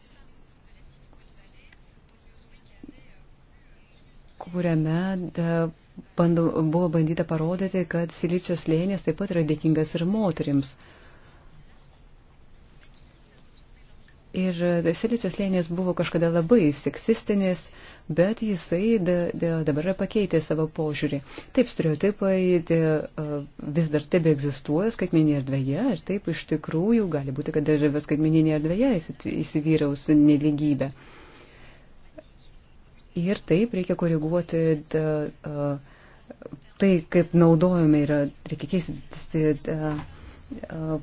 [SPEAKER 3] kuriame da, bando, buvo bandyta parodyti, kad silicijos lėnės taip pat yra dėkingas ir moterims. Ir silicijos lėnės buvo kažkada labai seksistinis, bet jisai da, da, dabar yra pakeitę savo požiūrį. Taip, stereotipai da, vis dar tebe egzistuoja skaitmeninėje erdvėje ir taip iš tikrųjų gali būti, kad dar skaitmeninėje erdvėje įsivyraus neligybė. Uh, Ir taip reikia koreguoti da, a, tai, kaip naudojami yra, reikia keisti da, a,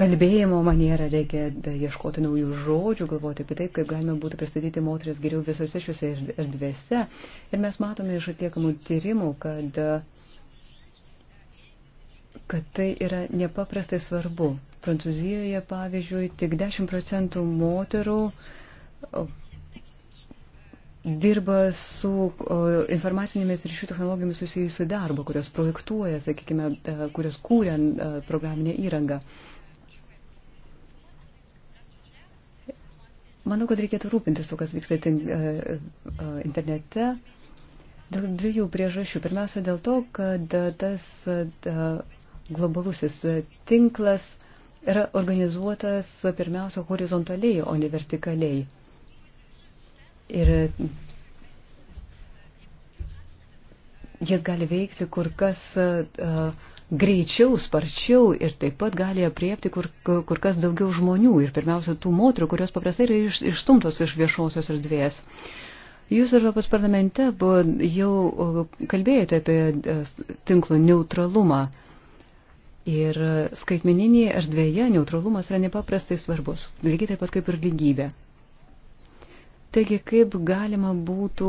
[SPEAKER 3] kalbėjimo manierą, reikia da, ieškoti naujų žodžių, galvoti apie tai, kaip galima būtų pristatyti moteris geriau visose šiuose erdvėse. Ir mes matome iš atliekamų tyrimų, kad, kad tai yra nepaprastai svarbu. Prancūzijoje, pavyzdžiui, tik 10 procentų moterų dirba su informacinėmis ryšių technologijomis susijusiu darbu, kurios projektuoja, sakykime, e, kurios kūrė e, programinę įrangą. Manau, kad reikėtų rūpintis to, kas vyksta e, internete. Dėl dviejų priežasčių. Pirmiausia, dėl to, kad tas globalusis tinklas yra organizuotas pirmiausia horizontaliai, o ne vertikaliai. Ir e, jis gali veikti kur kas uh, greičiau, sparčiau ir taip pat gali apriepti kur, kur kas daugiau žmonių ir pirmiausia tų moterų, kurios paprastai yra iš, išstumtos iš viešosios erdvės. Jūs Europos parlamente buvo, jau kalbėjote apie tinklo neutralumą. Ir skaitmeninėje erdvėje neutralumas yra nepaprastai svarbus, lygiai taip pat kaip ir lygybė. Taigi, kaip galima būtų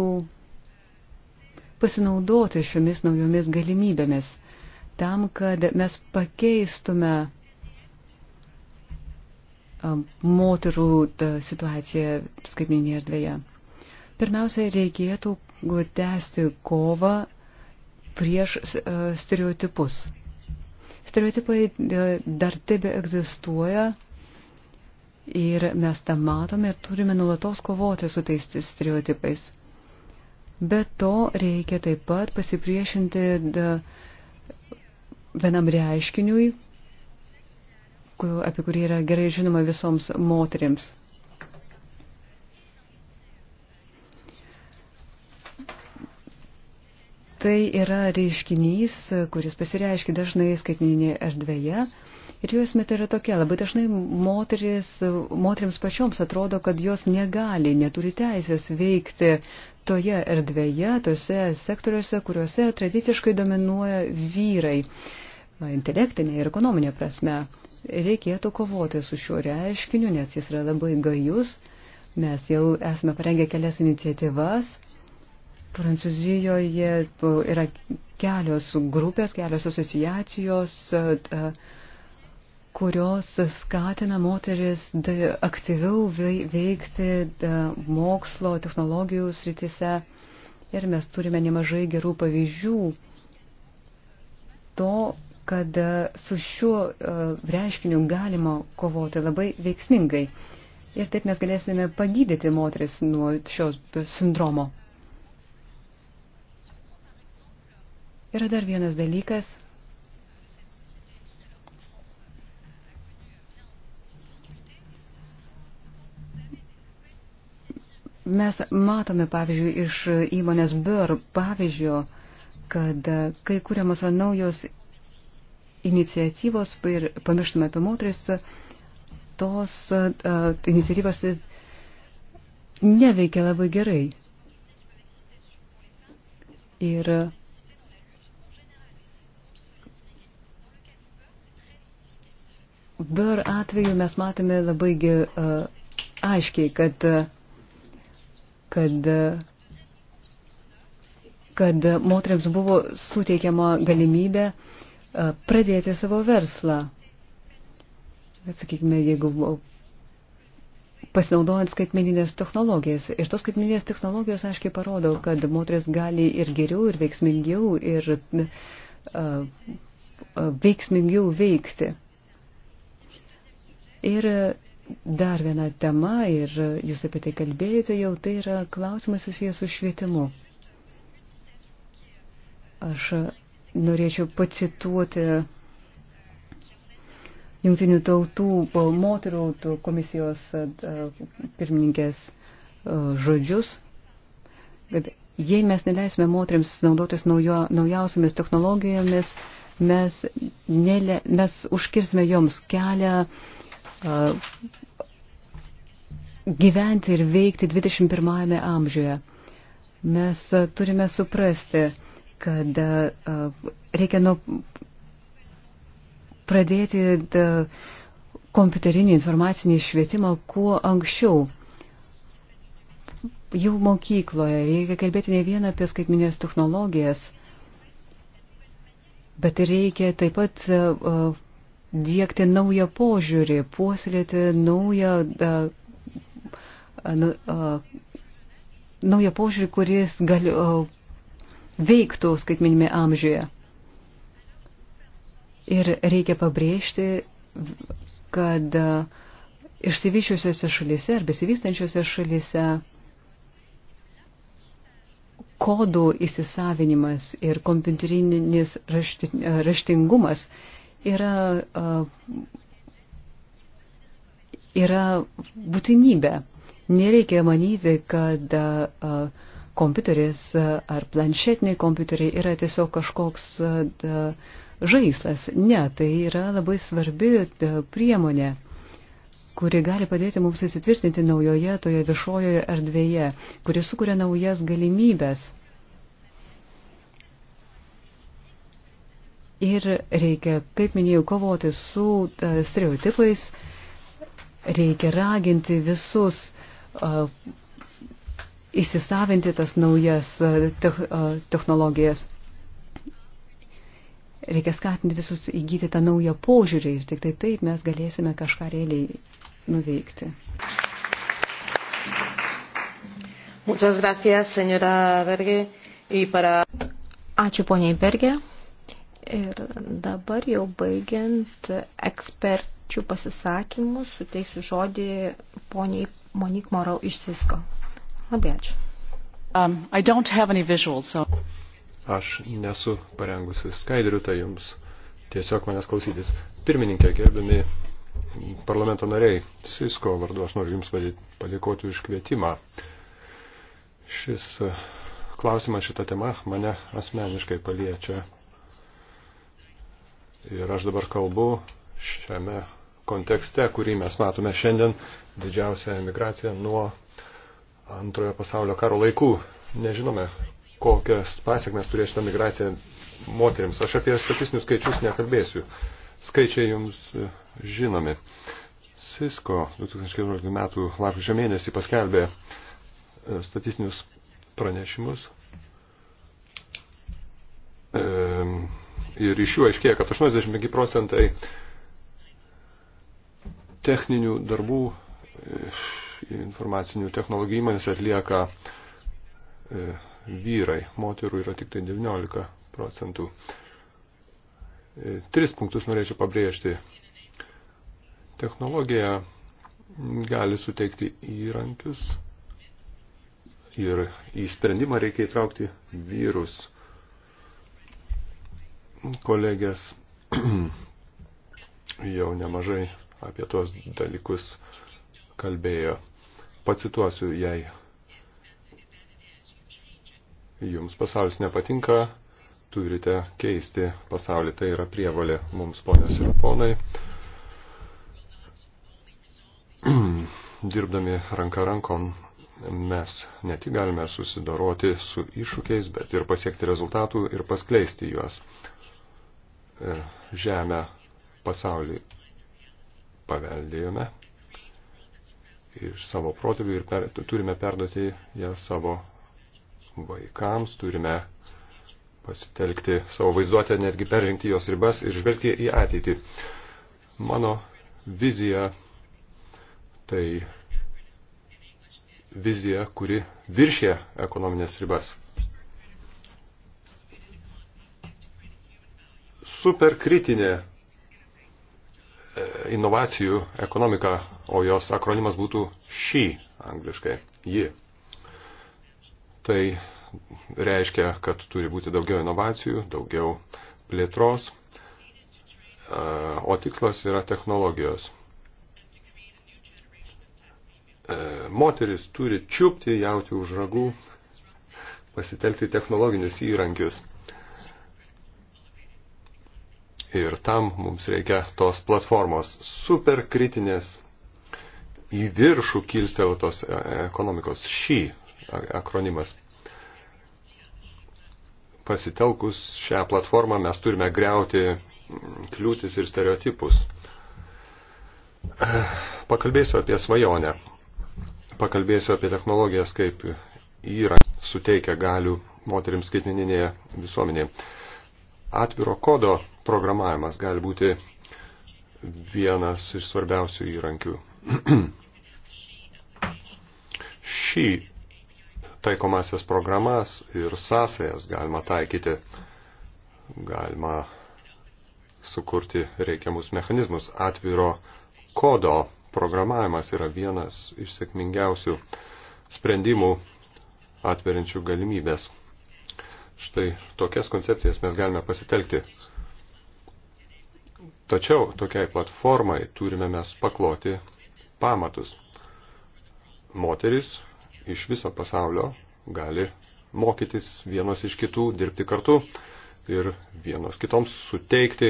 [SPEAKER 3] pasinaudoti šiomis naujomis galimybėmis tam, kad mes pakeistume moterų situaciją skaitminėje erdvėje. Pirmiausia, reikėtų tęsti kovą prieš stereotipus. Stereotipai dar tebe egzistuoja Ir mes tą matome ir turime nulatos kovoti su tais stereotipais. Be to reikia taip pat pasipriešinti vienam reiškiniui, apie kurį yra gerai žinoma visoms moteriams. Tai yra reiškinys, kuris pasireiškia dažnai skaitmininėje erdvėje. Ir jų esmė tai yra tokia, labai dažnai moteris, moteriams pačioms atrodo, kad jos negali, neturi teisės veikti toje erdvėje, tose sektoriuose, kuriuose tradiciškai dominuoja vyrai, intelektinė ir ekonominė prasme. Reikėtų kovoti su šiuo reiškiniu, nes jis yra labai gajus. Mes jau esame parengę kelias iniciatyvas, Prancūzijoje yra kelios grupės, kelios asociacijos kurios skatina moteris aktyviau veikti mokslo, technologijų srityse. Ir mes turime nemažai gerų pavyzdžių to, kad e, su šiuo e, reiškiniu galima kovoti labai veiksmingai. Ir taip mes galėsime pagydyti moteris nuo šios sindromo. Yra dar vienas dalykas, Mes matome, pavyzdžiui, iš įmonės BIR pavyzdžio, kad kai kuriamos yra naujos iniciatyvos ir pamirštume apie moteris, tos uh, iniciatyvos neveikia labai gerai. Ir BIR atveju mes matome labai uh, aiškiai, kad uh, kad, kad moteriams buvo suteikiama galimybė e, pradėti savo verslą. Sakykime, jeigu pasinaudojant skaitmeninės technologijas. Ir tos skaitmeninės technologijos aiškiai parodo, kad moteris gali ir geriau, ir veiksmingiau, ir uh, uh, veiksmingiau veikti. Ir uh, dar viena tema ir jūs apie tai kalbėjote jau, tai yra klausimai susijęs su švietimu. Aš norėčiau pacituoti Jungtinių tautų moterų komisijos e, pirmininkės e, žodžius, kad jei mes neleisime moteriams naudotis naujo, naujausiamis technologijomis, mes, nele, mes užkirsime joms kelią uh, gyventi ir veikti 21 amžiuje. Mes turime suprasti, kad reikia nuo pradėti kompiuterinį informacinį švietimą kuo anksčiau. Jau mokykloje reikia kalbėti ne vien apie skaitminės technologijas, bet reikia taip pat uh, dėkti naują požiūrį, puoselėti naują, da, na, nu, a, naują požiūrį, kuris gali, a, veiktų skaitminime amžiuje. Ir reikia pabrėžti, kad a, išsivyščiusiose šalyse ar besivystančiuose šalyse kodų įsisavinimas ir kompiuterinis rašti, raštingumas yra, yra būtinybė. Nereikia manyti, kad kompiuteris ar planšetiniai kompiuteriai yra tiesiog kažkoks žaislas. Ne, tai yra labai svarbi priemonė kuri gali padėti mums įsitvirtinti naujoje toje viešojoje erdvėje, kuri sukuria naujas galimybės Ir reikia, kaip minėjau, kovoti su e, stereotipais, reikia raginti visus uh, įsisavinti tas naujas e, tech, uh, technologijas. Reikia skatinti visus įgyti tą naują požiūrį ir tik tai taip mes galėsime kažką realiai nuveikti.
[SPEAKER 2] Muchas gracias, señora Berge. Y para... Ačiū poniai Berge. Ir dabar jau baigiant eksperčių pasisakymus, suteiksiu žodį poniai Monik Morau iš Sisko. Labai ačiū.
[SPEAKER 1] Um, visuals, so...
[SPEAKER 4] Aš nesu parengusi skaidrių, tai jums tiesiog manęs klausytis. Pirmininkė, gerbiami parlamento nariai, Sisko vardu, aš noriu jums padėkoti už kvietimą. Šis uh, klausimas, šita tema mane asmeniškai paliečia Ir aš dabar kalbu šiame kontekste, kurį mes matome šiandien, didžiausia emigracija nuo antrojo pasaulio karo laikų. Nežinome, kokias pasiekmes turės šitą migraciją moteriams. Aš apie statistinius skaičius nekalbėsiu. Skaičiai jums žinomi. Sisko 2014 metų lapkričio mėnesį paskelbė e, statistinius pranešimus. E, ir iš jų aiškėja, kad 85 procentai techninių darbų e, informacinių technologijų įmonės atlieka e, vyrai, moterų yra tik tai 19 procentų. E, tris punktus norėčiau pabrėžti. Technologija gali suteikti įrankius ir į sprendimą reikia įtraukti vyrus kolegės jau nemažai apie tuos dalykus kalbėjo. Pacituosiu, jei jums pasaulis nepatinka, turite keisti pasaulį. Tai yra prievalė mums, ponės ir ponai. Dirbdami ranka rankom mes ne tik galime susidoroti su iššūkiais, bet ir pasiekti rezultatų ir paskleisti juos žemę pasaulį paveldėjome iš savo protėvių ir per, turime perduoti ją savo vaikams, turime pasitelkti savo vaizduotę, netgi perrinkti jos ribas ir žvelgti į ateitį. Mano vizija tai vizija, kuri viršė ekonominės ribas. superkritinė e, inovacijų ekonomika, o jos akronimas būtų šį angliškai, ji. Tai reiškia, kad turi būti daugiau inovacijų, daugiau plėtros, e, o tikslas yra technologijos. E, moteris turi čiupti jauti už ragų, pasitelkti technologinius įrankius. Ir tam mums reikia tos platformos superkritinės į viršų kilsteutos e, e, ekonomikos. Šį e, akronimas. Pasitelkus šią platformą mes turime greuti mm, kliūtis ir stereotipus. Pakalbėsiu apie svajonę. Pakalbėsiu apie technologijas, kaip yra suteikia galių moteriams skaitmeninėje visuomenėje. Atviro kodo programavimas gali būti vienas iš svarbiausių įrankių. Šį taikomasias programas ir sąsajas galima taikyti, galima sukurti reikiamus mechanizmus. Atviro kodo programavimas yra vienas iš sėkmingiausių sprendimų atverinčių galimybės Štai tokias koncepcijas mes galime pasitelkti. Tačiau tokiai platformai turime mes pakloti pamatus. Moteris iš viso pasaulio gali mokytis vienos iš kitų, dirbti kartu ir vienos kitoms suteikti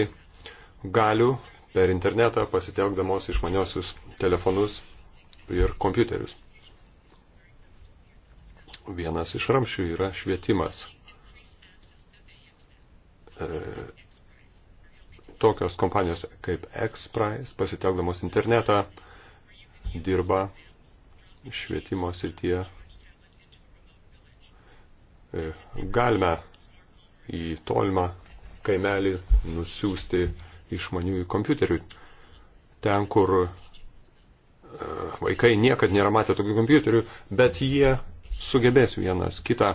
[SPEAKER 4] galių per internetą pasitelkdamos išmaniosius telefonus ir kompiuterius. Vienas iš ramšių yra švietimas. E, tokios kompanijos kaip XPRIZE, pasitelkdamos internetą, dirba švietimo srityje. E, galime į tolimą kaimelį nusiųsti išmaniųjų kompiuterių. Ten, kur e, vaikai niekad nėra matę tokių kompiuterių, bet jie sugebės vienas kitą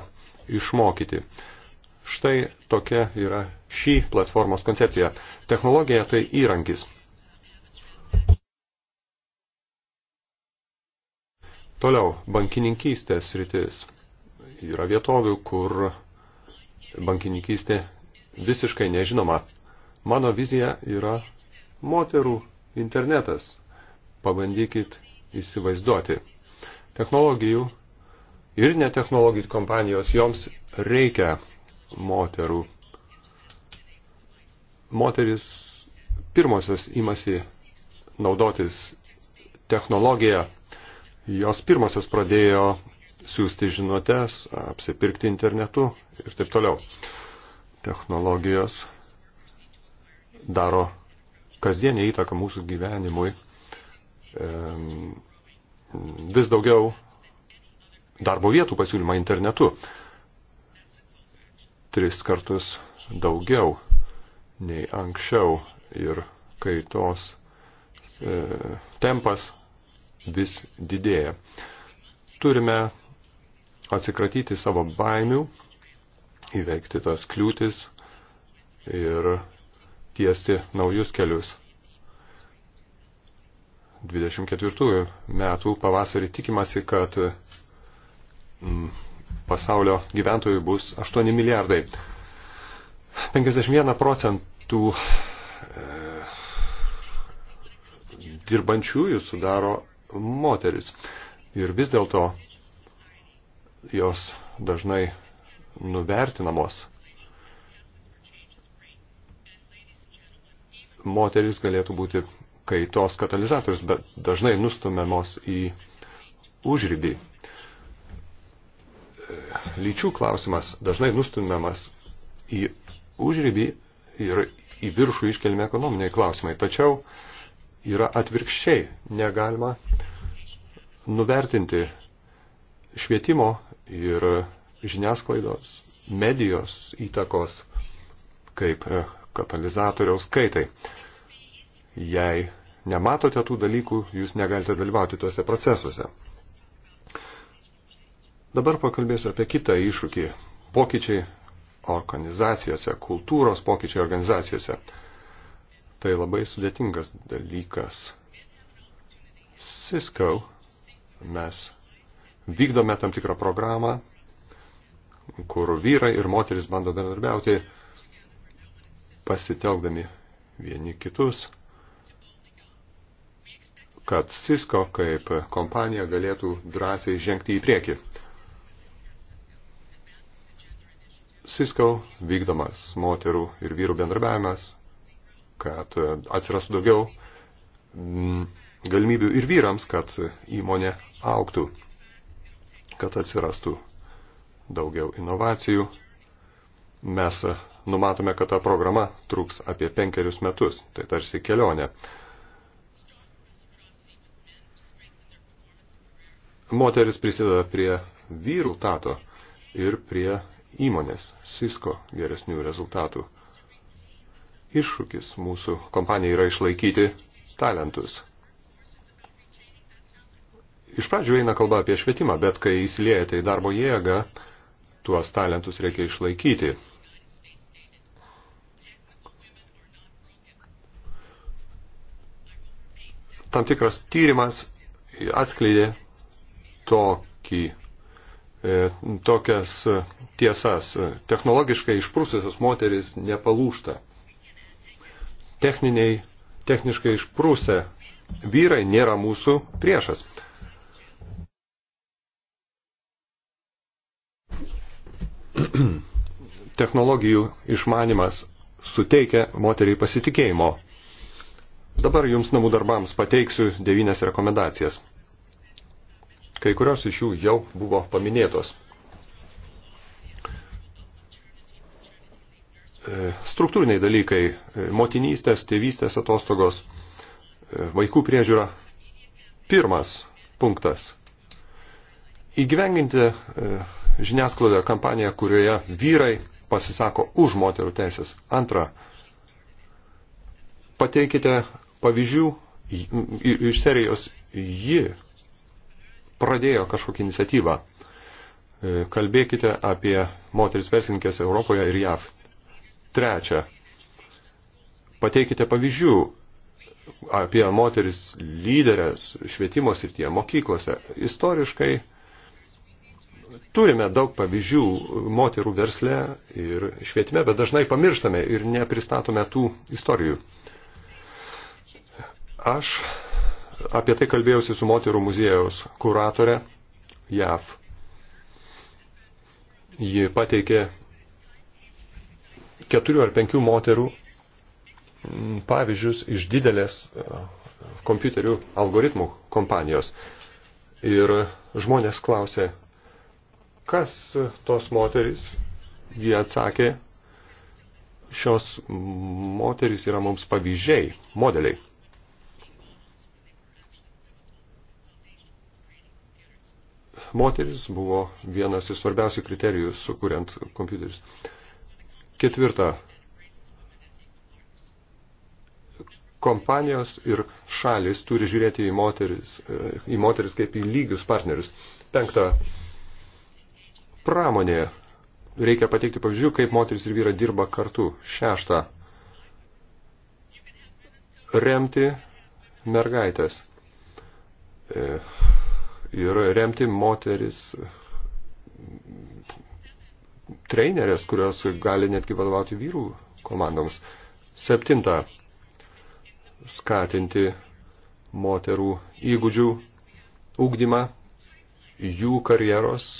[SPEAKER 4] išmokyti. Štai tokia yra šį platformos koncepcija. Technologija tai įrankis. Toliau, bankininkystės rytis. Yra vietovių, kur bankininkystė visiškai nežinoma. Mano vizija yra moterų internetas. Pabandykit įsivaizduoti. Technologijų ir netechnologijų kompanijos joms reikia moterų. Moteris pirmosios imasi naudotis technologiją. Jos pirmosios pradėjo siūsti žinotės, apsipirkti internetu ir taip toliau. Technologijos daro kasdienį įtaką mūsų gyvenimui. Vis daugiau darbo vietų pasiūlymą internetu tris kartus daugiau nei anksčiau ir kaitos e, tempas vis didėja. Turime atsikratyti savo baimių, įveikti tas kliūtis ir tiesti naujus kelius. 24 metų pavasarį tikimasi, kad mm, pasaulio gyventojų bus 8 milijardai. 51 procentų e, dirbančiųjų sudaro moteris. Ir vis dėlto jos dažnai nuvertinamos. Moteris galėtų būti kaitos katalizatorius, bet dažnai nustumiamos į užrybį lyčių klausimas dažnai nustumiamas į užrybį ir į viršų iškelmi ekonominiai klausimai. Tačiau yra atvirkščiai negalima nuvertinti švietimo ir žiniasklaidos, medijos įtakos kaip katalizatoriaus kaitai. Jei nematote tų dalykų, jūs negalite dalyvauti tuose procesuose. Dabar pakalbėsiu apie kitą iššūkį - pokyčiai organizacijose, kultūros pokyčiai organizacijose. Tai labai sudėtingas dalykas. Cisco mes vykdome tam tikrą programą, kur vyrai ir moteris bando bendarbiauti, pasitelkdami vieni kitus, kad Cisco kaip kompanija galėtų drąsiai žengti į priekį. Siskau vykdomas moterų ir vyrų bendrabiavimas, kad e, atsirastų daugiau mm, galimybių ir vyrams, kad įmonė auktų, kad atsirastų daugiau inovacijų. Mes e, numatome, kad ta programa truks apie penkerius metus, tai tarsi kelionė. Moteris prisideda prie vyrų tato ir prie įmonės Cisco geresnių rezultatų. Iššūkis mūsų kompanija yra išlaikyti talentus. Iš pradžių eina kalba apie švietimą, bet kai įsiliejate į darbo jėgą, tuos talentus reikia išlaikyti. Tam tikras tyrimas atskleidė tokį E, tokias e, tiesas. E, technologiškai išprūsusios moteris nepalūšta. Techniniai, techniškai išprūsę vyrai nėra mūsų priešas. Technologijų išmanimas suteikia moteriai pasitikėjimo. Dabar jums namų darbams pateiksiu devynes rekomendacijas. Kai kurios iš jų jau buvo paminėtos. E, struktūriniai dalykai – e, motinystės, tėvystės atostogos, e, vaikų priežiūra. Pirmas punktas – įgyvenginti žiniasklaidoje kampaniją, kurioje vyrai pasisako už moterų teisės. Antra – pateikite pavyzdžių iš serijos ji pradėjo kažkokią iniciatyvą. E, kalbėkite apie moteris verslininkės Europoje ir JAV. Trečia, pateikite pavyzdžių apie moteris lyderės švietimo srityje, mokyklose. Istoriškai turime daug pavyzdžių moterų versle ir švietime, bet dažnai pamirštame ir nepristatome tų istorijų. Aš apie tai kalbėjausi su moterų muziejaus kuratore JAV. Ji pateikė keturių ar penkių moterų pavyzdžius iš didelės e, kompiuterių algoritmų kompanijos. Ir žmonės klausė, kas tos moterys, jie atsakė, šios moterys yra mums pavyzdžiai, modeliai. moteris buvo vienas iš svarbiausių kriterijų sukuriant kompiuterius. Ketvirta. Kompanijos ir šalis turi žiūrėti į moteris, e, į moteris kaip į lygius partnerius. Penkta. Pramonė. Reikia pateikti pavyzdžių, kaip moteris ir vyra dirba kartu. Šešta. Remti mergaitės. E, ir remti moteris trenerės, kurios gali netgi vadovauti vyrų komandoms. Septinta, skatinti moterų įgūdžių ugdymą jų karjeros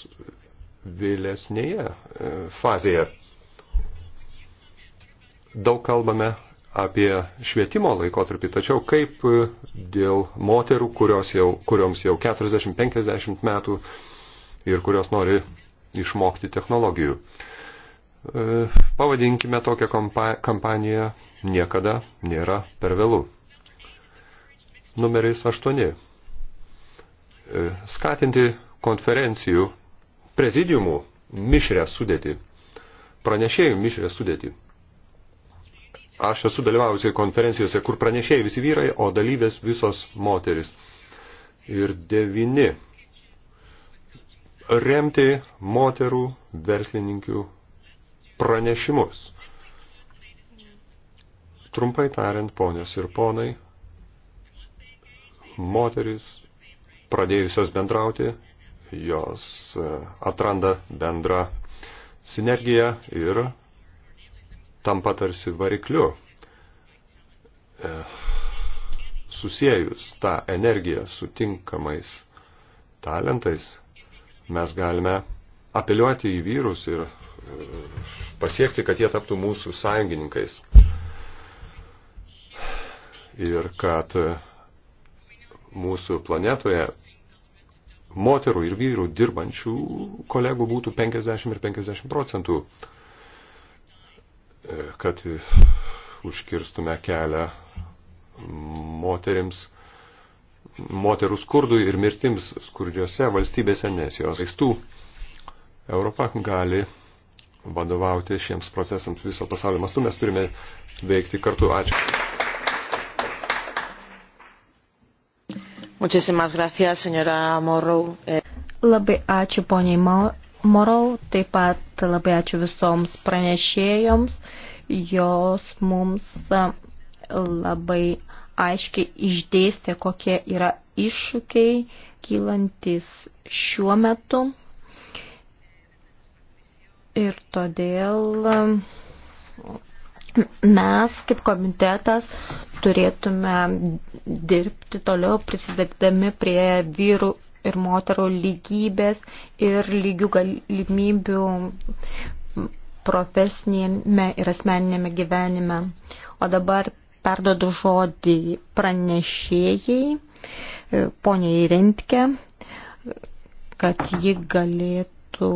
[SPEAKER 4] vėlesnėje e, fazėje. Daug kalbame apie švietimo laikotarpį, tačiau kaip e, dėl moterų, jau, kurioms jau 40-50 metų ir kurios nori išmokti technologijų. E, pavadinkime tokią kampaniją niekada nėra per vėlų. Numeris 8. E, skatinti konferencijų prezidiumų mišrę sudėti, pranešėjų mišrę sudėti. Aš esu dalyvavusi konferencijose, kur pranešėjai visi vyrai, o dalyvės visos moteris. Ir devini. Remti moterų verslininkių pranešimus. Trumpai tariant, ponios ir ponai, moteris pradėjusios bendrauti, jos e, atranda bendrą sinergiją ir tampa tarsi varikliu, e, susijęjus tą energiją su tinkamais talentais, mes galime apeliuoti į vyrus ir e, pasiekti, kad jie taptų mūsų sąjungininkais. Ir kad mūsų planetoje moterų ir vyrų dirbančių kolegų būtų 50 ir 50 procentų kad užkirstume kelią moterims, moterų skurdui ir mirtims skurdžiose valstybėse, nes jos vaistų Europa gali vadovauti šiems procesams viso pasaulio mastu. Mes turime veikti kartu. Ačiū.
[SPEAKER 2] Muchísimas gracias, señora Morrow. Eh, Labai ačiū poniai Morrow Morau, taip pat labai ačiū visoms pranešėjoms, jos mums labai aiškiai išdėstė, kokie yra iššūkiai kylantis šiuo metu. Ir todėl mes kaip komitetas turėtume dirbti toliau prisidedami prie vyrų ir moterų lygybės ir lygių galimybių profesinėme ir asmeninėme gyvenime. O dabar perdodu žodį pranešėjai, e, poniai Rentke, kad ji galėtų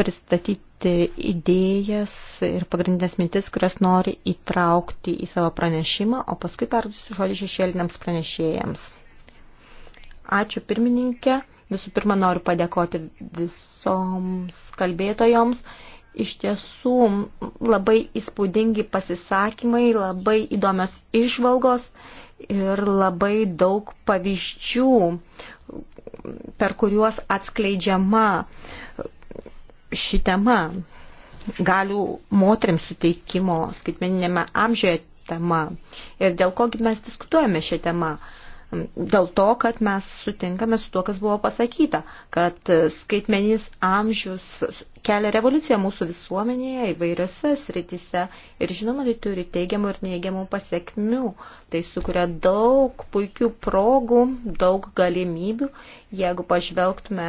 [SPEAKER 2] pristatyti idėjas ir pagrindinės mintis, kurias nori įtraukti į savo pranešimą, o paskui perdusiu žodį šešėliniams pranešėjams. Ačiū pirmininkė. Visų pirma, noriu padėkoti visoms kalbėtojoms. Iš tiesų labai įspūdingi pasisakymai, labai įdomios išvalgos ir labai daug pavyzdžių, per kuriuos atskleidžiama ši tema galių moteriams suteikimo skaitmeninėme amžiuje tema. Ir dėl kogi mes diskutuojame šią temą. Uh, Dėl to, kad mes sutinkame su tuo, kas buvo pasakyta, kad skaitmenys amžius kelia revoliuciją mūsų visuomenėje įvairiose sritise ir žinoma, tai turi teigiamų ir neigiamų pasiekmių. Tai sukuria daug puikių progų, daug galimybių, jeigu pažvelgtume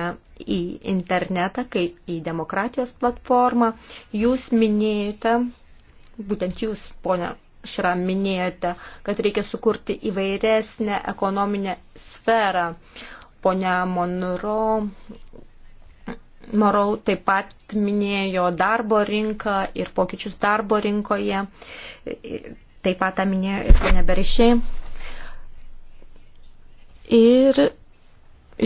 [SPEAKER 2] į internetą kaip į demokratijos platformą. Jūs minėjote, būtent jūs, ponia Šra minėjote, kad reikia sukurti įvairesnę ekonominę sferą. Pone Monro, Morau taip pat minėjo darbo rinką ir pokyčius darbo rinkoje. Taip pat tą minėjo ir ponė Berišiai. Ir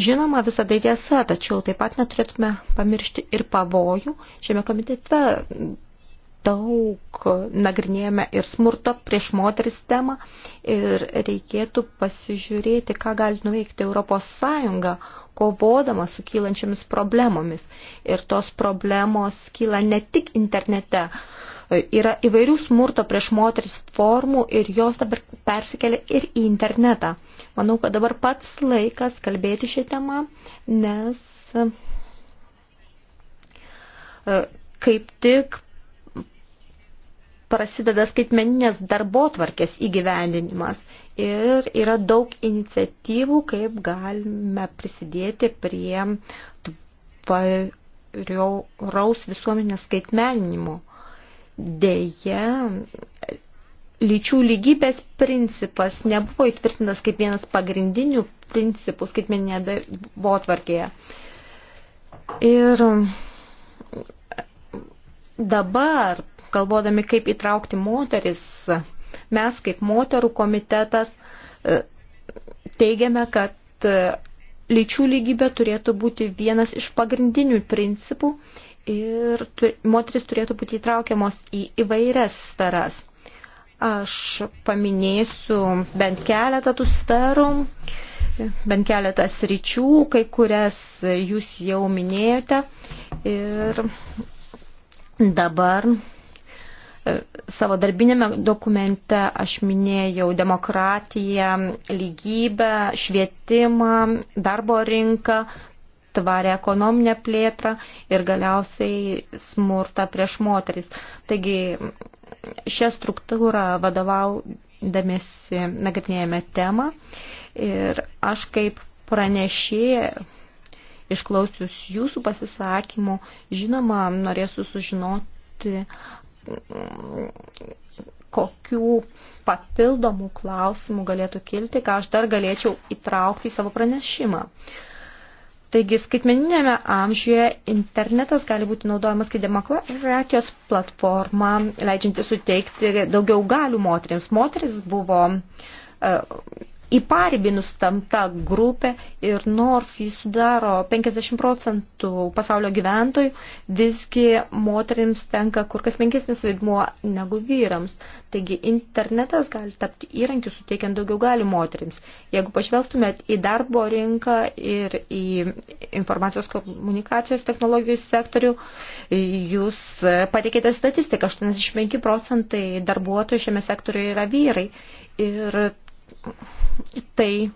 [SPEAKER 2] žinoma, visą tai tiesa, tačiau taip pat neturėtume pamiršti ir pavojų. Šiame komitete daug nagrinėjame ir smurto prieš moteris temą ir reikėtų pasižiūrėti, ką gali nuveikti Europos Sąjunga, kovodama su kylančiamis problemomis. Ir tos problemos kyla ne tik internete. Yra įvairių smurto prieš moteris formų ir jos dabar persikelia ir į internetą. Manau, kad dabar pats laikas kalbėti šią temą, nes e, kaip tik prasideda skaitmeninės darbo tvarkės įgyvendinimas ir yra daug iniciatyvų, kaip galime prisidėti prie tvariaus visuomenės skaitmeninimo. Deja, lyčių lygybės principas nebuvo įtvirtintas kaip vienas pagrindinių principų skaitmeninėje darbo tvarkėje. Ir dabar galvodami, kaip įtraukti moteris, mes kaip moterų komitetas e, teigiame, kad e, lyčių lygybė turėtų būti vienas iš pagrindinių principų ir moteris turėtų būti įtraukiamos į įvairias sferas. Aš paminėsiu bent keletą tų sferų, bent keletą sričių, kai kurias jūs jau minėjote. Ir dabar E, savo darbinėme dokumente aš minėjau demokratiją, lygybę, švietimą, darbo rinką, tvarę ekonominę plėtrą ir galiausiai smurtą prieš moteris. Taigi šią struktūrą vadovaudamėsi nagrinėjame temą ir aš kaip pranešėja išklausius jūsų pasisakymų, žinoma, norėsiu sužinoti, kokių papildomų klausimų galėtų kilti, ką aš dar galėčiau įtraukti į savo pranešimą. Taigi skaitmeninėme amžiuje internetas gali būti naudojamas kaip demokratijos platforma, leidžianti suteikti daugiau galių moteriams. Moteris buvo uh, įparibinus tam tą grupę ir nors jis sudaro 50 procentų pasaulio gyventojų, visgi moterims tenka kur kas menkesnis vaidmuo negu vyrams. Taigi internetas gali tapti įrankiu suteikiant daugiau gali moterims. Jeigu pažvelgtumėt į darbo rinką ir į informacijos komunikacijos technologijų sektorių, jūs pateikėte statistiką, 85 procentai darbuotojų šiame sektoriuje yra vyrai. Ir tai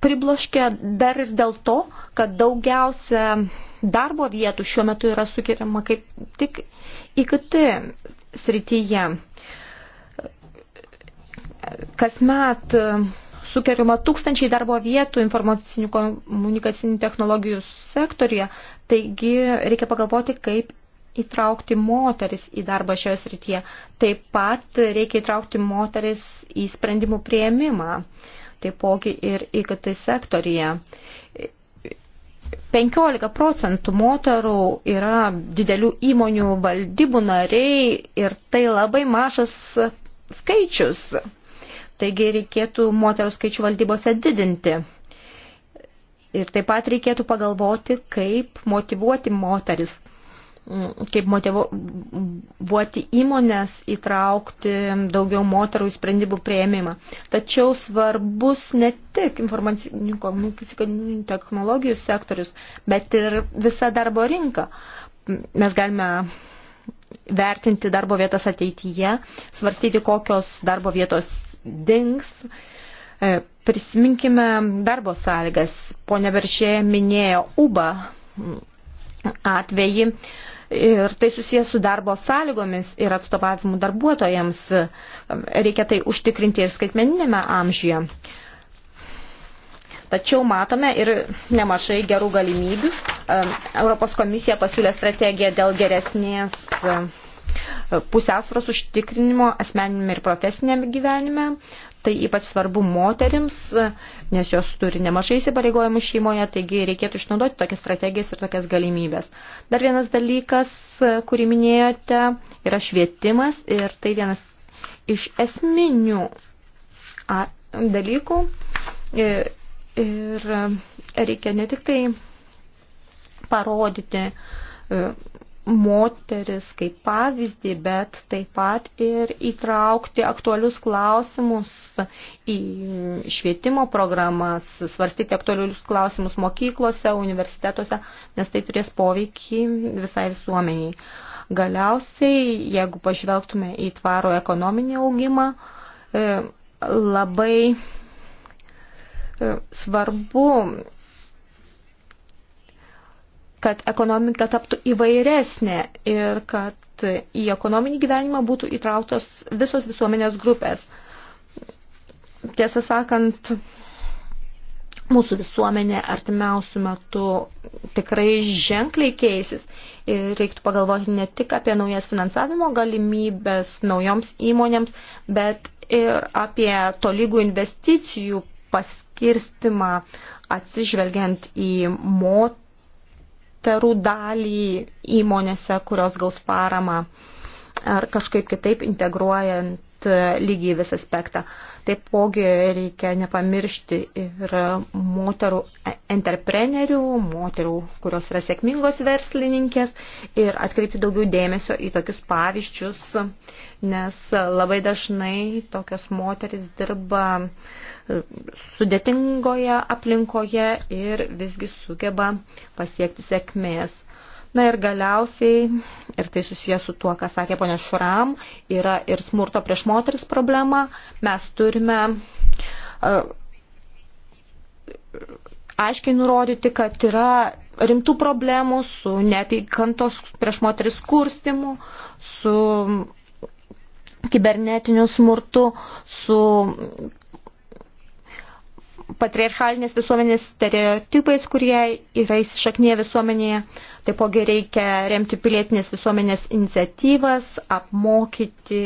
[SPEAKER 2] pribloškia dar ir dėl to, kad daugiausia darbo vietų šiuo metu yra sukiriama kaip tik IKT srityje. Kasmet sukeriama tūkstančiai darbo vietų informacinių komunikacinių technologijų sektorija, taigi reikia pagalvoti, kaip įtraukti moteris į darbą šioje srityje. Taip pat reikia įtraukti moteris į sprendimų prieimimą, taipogi ir į KT sektoriją. 15 procentų moterų yra didelių įmonių valdybų nariai ir tai labai mažas skaičius. Taigi reikėtų moterų skaičių valdybose didinti. Ir taip pat reikėtų pagalvoti, kaip motivuoti moteris kaip motivuoti įmonės įtraukti daugiau moterų į sprendimų prieimimą. Tačiau svarbus ne tik informacinių komunikacinių technologijų sektorius, bet ir visa darbo rinka. Mes galime vertinti darbo vietas ateityje, svarstyti, kokios darbo vietos dings. E, prisiminkime darbo sąlygas. Pone Veršėje minėjo UBA atvejį ir tai susijęs su darbo sąlygomis ir atstovavimu darbuotojams. Reikia tai užtikrinti ir skaitmeninėme amžyje. Tačiau matome ir nemažai gerų galimybių. Europos komisija pasiūlė strategiją dėl geresnės pusiausvros užtikrinimo asmeniniame ir profesinėme gyvenime. Tai ypač svarbu moterims, nes jos turi nemažai įsipareigojimų šeimoje, taigi reikėtų išnaudoti tokias strategijas ir tokias galimybės. Dar vienas dalykas, kurį minėjote, yra švietimas ir tai vienas iš esminių dalykų. Ir, e, ir reikia ne tik tai parodyti e, moteris kaip pavyzdį, bet taip pat ir įtraukti aktualius klausimus į švietimo programas, svarstyti aktualius klausimus mokyklose, universitetuose, nes tai turės poveikį visai visuomeniai. Galiausiai, jeigu pažvelgtume į tvarų ekonominį augimą, e, labai e, svarbu kad ekonomika taptų įvairesnė ir kad į ekonominį gyvenimą būtų įtrauktos visos visuomenės grupės. Tiesą sakant, mūsų visuomenė artimiausių metų tikrai ženkliai keisis ir reiktų pagalvoti ne tik apie naujas finansavimo galimybės naujoms įmonėms, bet ir apie tolygų investicijų paskirstimą atsižvelgiant į moterį moterų dalį įmonėse, kurios gaus paramą ar kažkaip kitaip integruojant E, lygybės aspektą. Taipogi reikia nepamiršti ir moterų e, entreprenerių, moterų, kurios yra sėkmingos verslininkės ir atkreipti daugiau dėmesio į tokius pavyzdžius, nes labai dažnai tokios moteris dirba e, sudėtingoje aplinkoje ir visgi sugeba pasiekti sėkmės. Na ir galiausiai, ir tai susijęs su tuo, ką sakė ponė Šram, yra ir smurto prieš moteris problema. Mes turime uh, aiškiai nurodyti, kad yra rimtų problemų su neapykantos prieš moteris kurstimu, su kibernetiniu smurtu, su patriarchalinės visuomenės stereotipais, kurie yra įsišaknyje visuomenėje. Taipogi reikia remti pilietinės visuomenės iniciatyvas, apmokyti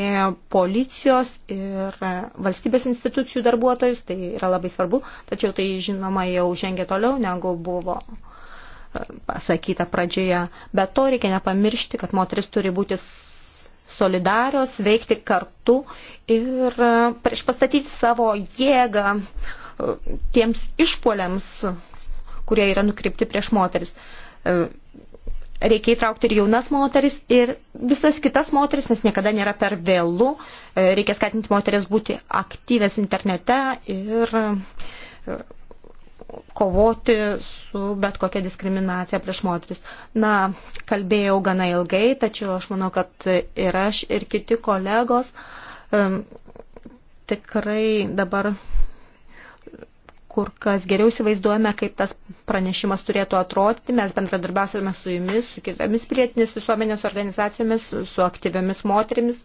[SPEAKER 2] policijos ir valstybės institucijų darbuotojus, tai yra labai svarbu, tačiau tai žinoma jau žengia toliau negu buvo e, pasakyta pradžioje. Bet to reikia nepamiršti, kad moteris turi būti solidarios, veikti kartu ir e, prieš pastatyti savo jėgą uh, tiems išpoliams, kurie yra nukreipti prieš moteris. E, reikia įtraukti ir jaunas moteris ir visas kitas moteris, nes niekada nėra per vėlų. E, reikia skatinti moteris būti aktyvės internete ir e, kovoti su bet kokia diskriminacija prieš moteris. Na, kalbėjau gana ilgai, tačiau aš manau, kad ir aš, ir kiti kolegos um, tikrai dabar kur kas geriau įsivaizduojame, kaip tas pranešimas turėtų atrodyti. Mes bendradarbiausime su jumis, su kitomis pilietinės visuomenės organizacijomis, su aktyviamis moterimis,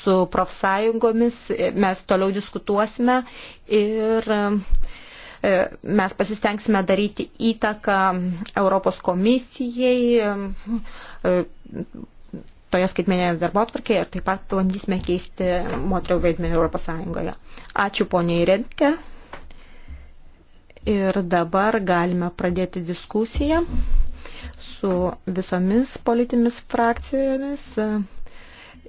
[SPEAKER 2] su profsąjungomis. Mes toliau diskutuosime ir e, mes pasistengsime daryti įtaką Europos komisijai e, toje skaitmenėje darbo atvarkėje ir taip pat bandysime keisti moterų vaidmenį Europos Sąjungoje. Ačiū poniai Redke. Ir dabar galime pradėti diskusiją su visomis politimis frakcijomis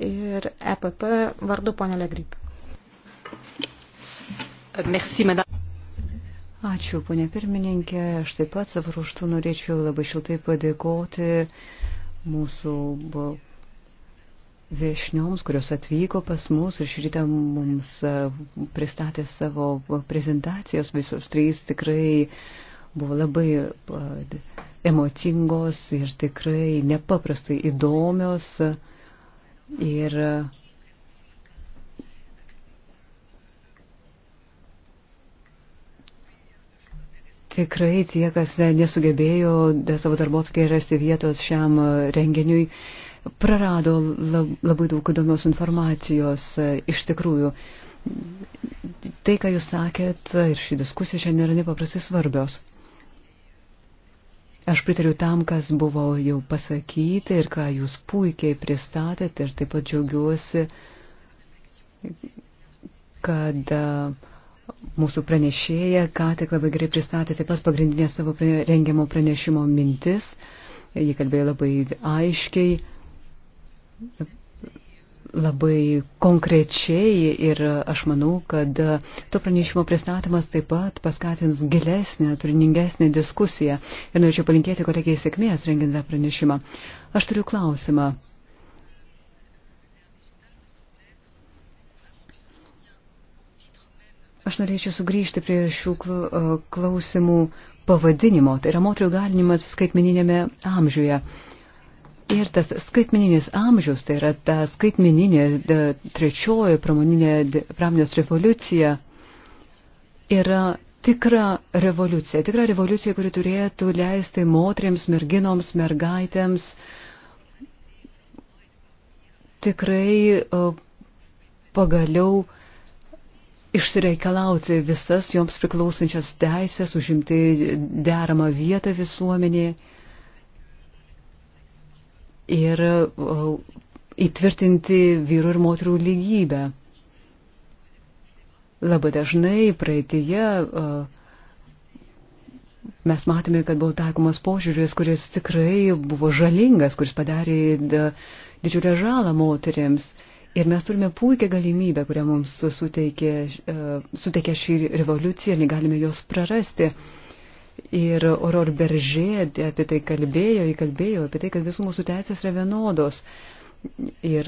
[SPEAKER 2] ir EPP vardu ponė Legryp.
[SPEAKER 3] Merci, madame. Ačiū, ponė pirmininkė. Aš taip pat savo ruštų norėčiau labai šiltai padėkoti mūsų viešnioms, kurios atvyko pas mus ir šrytą mums e, pristatė savo prezentacijos. Visos trys tikrai buvo labai e, emocingos ir tikrai nepaprastai įdomios. Ir Tikrai tie, kas nesugebėjo savo darbo rasti vietos šiam renginiui, prarado labai daug įdomios informacijos e, iš tikrųjų. Tai, ką jūs sakėt ir ši diskusija šiandien yra nepaprastai svarbios. Aš pritariu tam, kas buvo jau pasakyti ir ką jūs puikiai pristatėte ir taip pat džiaugiuosi, kad e, mūsų pranešėja ką tik labai gerai pristatė taip pat pagrindinę savo rengiamo pranešimo mintis. Ji kalbėjo labai aiškiai labai konkrečiai ir aš manau, kad to pranešimo pristatymas taip pat paskatins gilesnę, turiningesnę diskusiją ir norėčiau palinkėti kolegijai sėkmės rengiant tą pranešimą. Aš turiu klausimą. Aš norėčiau sugrįžti prie šių klausimų pavadinimo, tai yra moterio galinimas skaitmeninėme amžiuje. Ir tas skaitmeninis amžius, tai yra ta skaitmeninė trečioji pramoninė pramonės revoliucija, yra tikra revoliucija, tikra revoliucija, kuri turėtų leisti moteriams, merginoms, mergaitėms tikrai pagaliau išsireikalauti visas joms priklausančias teisės, užimti deramą vietą visuomenėje ir įtvirtinti vyrų ir moterų lygybę. Labai dažnai praeitėje mes matėme, kad buvo taikomas požiūris, kuris tikrai buvo žalingas, kuris padarė didžiulę žalą moteriams. Ir mes turime puikią galimybę, kurią mums suteikė, e, suteikė šį revoliuciją ir negalime jos prarasti. Uh, Ir Oror Beržė apie tai kalbėjo, įkalbėjo apie tai, kad visų mūsų teisės yra vienodos. Ir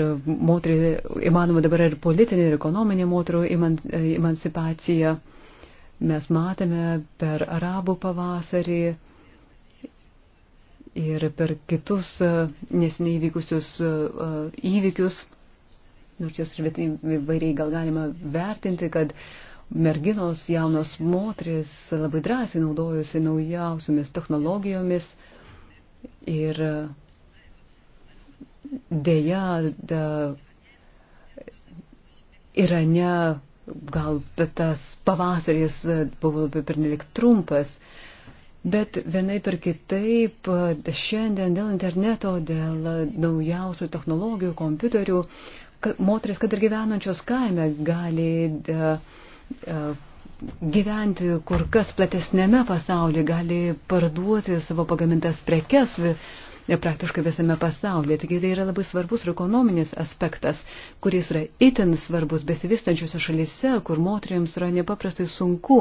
[SPEAKER 3] moterį, įmanoma dabar ir politinė, ir ekonominė moterų emancipacija. Mes matėme per arabų pavasarį ir per kitus e, nesiniai vykusius e, e, įvykius, nors jas ir vairiai gal galima vertinti, kad uh, merginos, jaunos moteris labai drąsiai naudojusi naujausiomis technologijomis ir dėja da, Irane gal tas pavasaris buvo labai pernelik trumpas, bet vienai per kitaip šiandien dėl interneto, dėl naujausių technologijų, kompiuterių, moteris, kad ir gyvenančios kaime, gali da, uh, E, gyventi kur kas platesnėme pasaulyje, gali parduoti savo pagamintas prekes e, praktiškai visame pasaulyje. Taigi tai yra labai svarbus ir ekonominis aspektas, kuris yra itin svarbus besivystančiose šalyse, kur moteriams yra nepaprastai sunku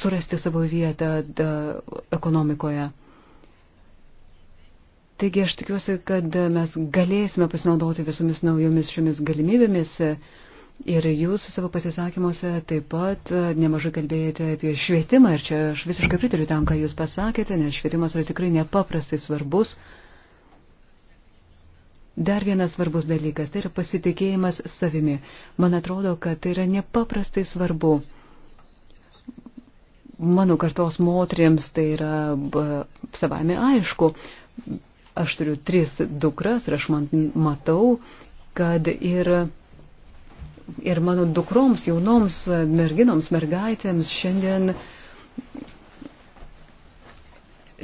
[SPEAKER 3] surasti savo vietą da, ekonomikoje. Taigi aš tikiuosi, kad mes galėsime pasinaudoti visomis naujomis šiomis galimybėmis. Uh, Ir jūs savo pasisakymuose taip pat e, nemažai kalbėjote apie švietimą ir čia aš visiškai pritariu tam, ką jūs pasakėte, nes švietimas yra tikrai nepaprastai svarbus. Dar vienas svarbus dalykas - tai yra pasitikėjimas savimi. Man atrodo, kad tai yra nepaprastai svarbu. Mano kartos moteriams tai yra savame aišku. Aš turiu tris dukras ir aš man, matau, kad ir. Yra ir mano dukroms, jaunoms merginoms, mergaitėms šiandien,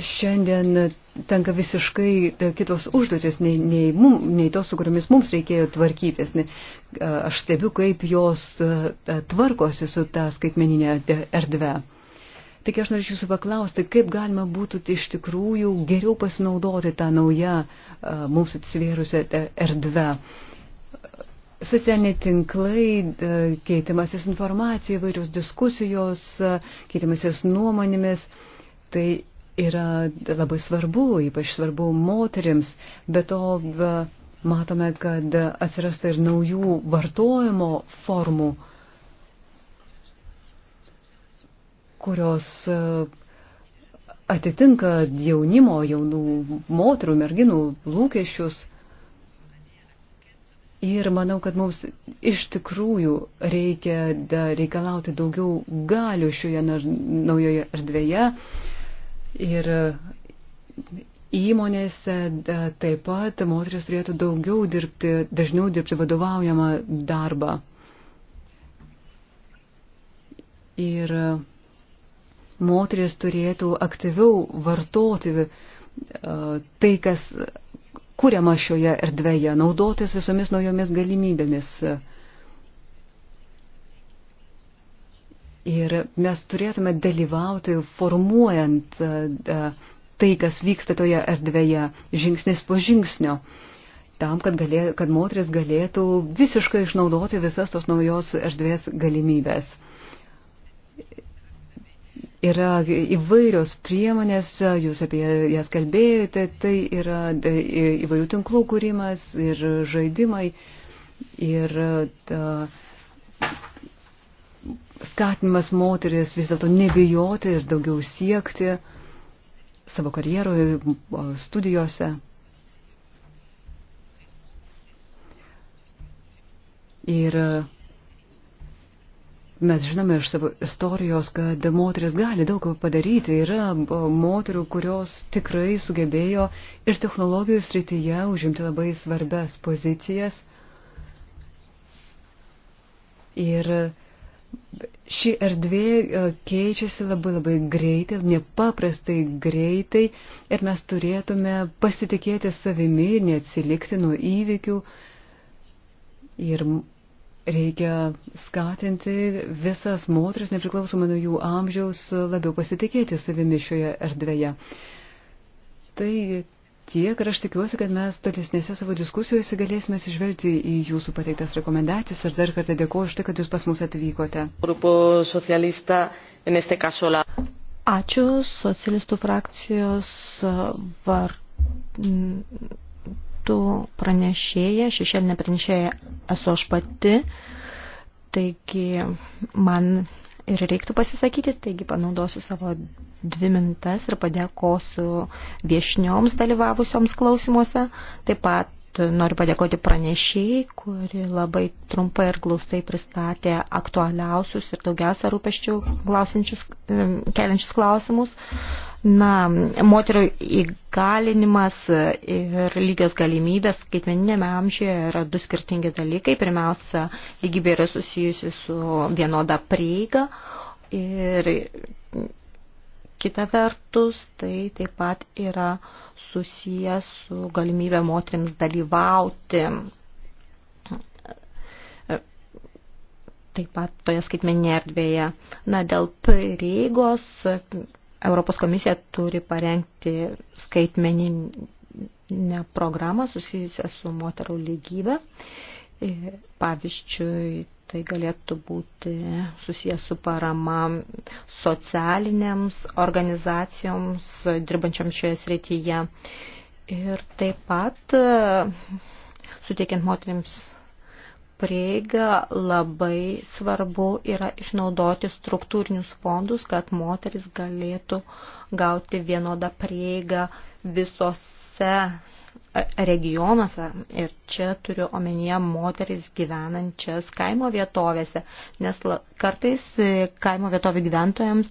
[SPEAKER 3] šiandien tenka visiškai e, kitos užduotis, nei, nei, mum, nei tos, su kuriomis mums reikėjo tvarkytis. Ne, e, aš stebiu, kaip jos e, tvarkosi su tą skaitmeninę erdvę. Tik aš norėčiau jūsų paklausti, kaip galima būtų iš tikrųjų geriau pasinaudoti tą naują mums atsivėrusią erdvę socialiniai tinklai, e, keitimasis informacija, vairios diskusijos, e, keitimasis nuomonėmis. Tai yra labai svarbu, ypač svarbu moteriams, bet to e, matome, kad atsirasta ir naujų vartojimo formų, kurios atitinka jaunimo, jaunų moterų, merginų lūkesčius. Ir manau, kad mums iš tikrųjų reikia da, reikalauti daugiau galių šioje naujoje erdvėje. Ir įmonėse da, taip pat moteris turėtų daugiau dirbti, dažniau dirbti vadovaujamą darbą. Ir moteris turėtų aktyviau vartoti tai, kas kuriama šioje erdvėje, naudotis visomis naujomis galimybėmis. Ir mes turėtume dalyvauti formuojant e, tai, kas vyksta toje erdvėje, žingsnis po žingsnio, tam, kad, galė, kad moteris galėtų visiškai išnaudoti visas tos naujos erdvės galimybės yra įvairios priemonės, jūs apie jas kalbėjote, tai yra e, e, įvairių tinklų kūrimas ir žaidimai ir ta, e, skatinimas moteris vis dėlto nebijoti ir daugiau siekti savo karjeroje, studijuose. Ir uh, Mes žinome iš savo istorijos, kad moteris gali daug padaryti. Yra moterų, kurios tikrai sugebėjo ir technologijų srityje užimti labai svarbias pozicijas. Ir ši erdvė keičiasi labai labai greitai, nepaprastai greitai ir mes turėtume pasitikėti savimi ir neatsilikti nuo įvykių. Ir Reikia skatinti visas moteris, nepriklausomai nuo jų amžiaus, labiau pasitikėti savimi šioje erdvėje. Tai tiek ir aš tikiuosi, kad mes tolesnėse savo diskusijose galėsime išvelgti į jūsų pateiktas rekomendacijas ir dar kartą dėkuoju už tai, kad jūs pas mus atvykote.
[SPEAKER 2] Ačiū socialistų frakcijos vardu metų pranešėja, šešėlinė pranešėja esu aš pati, taigi man ir reiktų pasisakyti, taigi panaudosiu savo dvi minutės ir padėkosiu viešnioms dalyvavusioms klausimuose, taip pat pat noriu padėkoti pranešėjai, kuri labai trumpai ir glaustai pristatė aktualiausius ir daugiausia rūpeščių keliančius klausimus. Na, moterio įgalinimas ir lygios galimybės skaitmeninėme amžiuje yra du skirtingi dalykai. Pirmiausia, lygybė yra susijusi su vienoda prieiga ir Kita vertus, tai taip pat yra susijęs su galimybė moteriams dalyvauti taip pat toje skaitmeninėje erdvėje. Na, dėl pareigos Europos komisija turi parengti skaitmeninę programą susijusią su moterų lygybė. Uh, E, pavyzdžiui, tai galėtų būti susijęs su parama socialinėms organizacijoms, dirbančioms šioje srityje. Ir taip pat, e, suteikiant moteriams prieigą, labai svarbu yra išnaudoti struktūrinius fondus, kad moteris galėtų gauti vienodą prieigą visose regionuose ir čia turiu omenyje moteris gyvenančias kaimo vietovėse, nes kartais e, kaimo vietovių gyventojams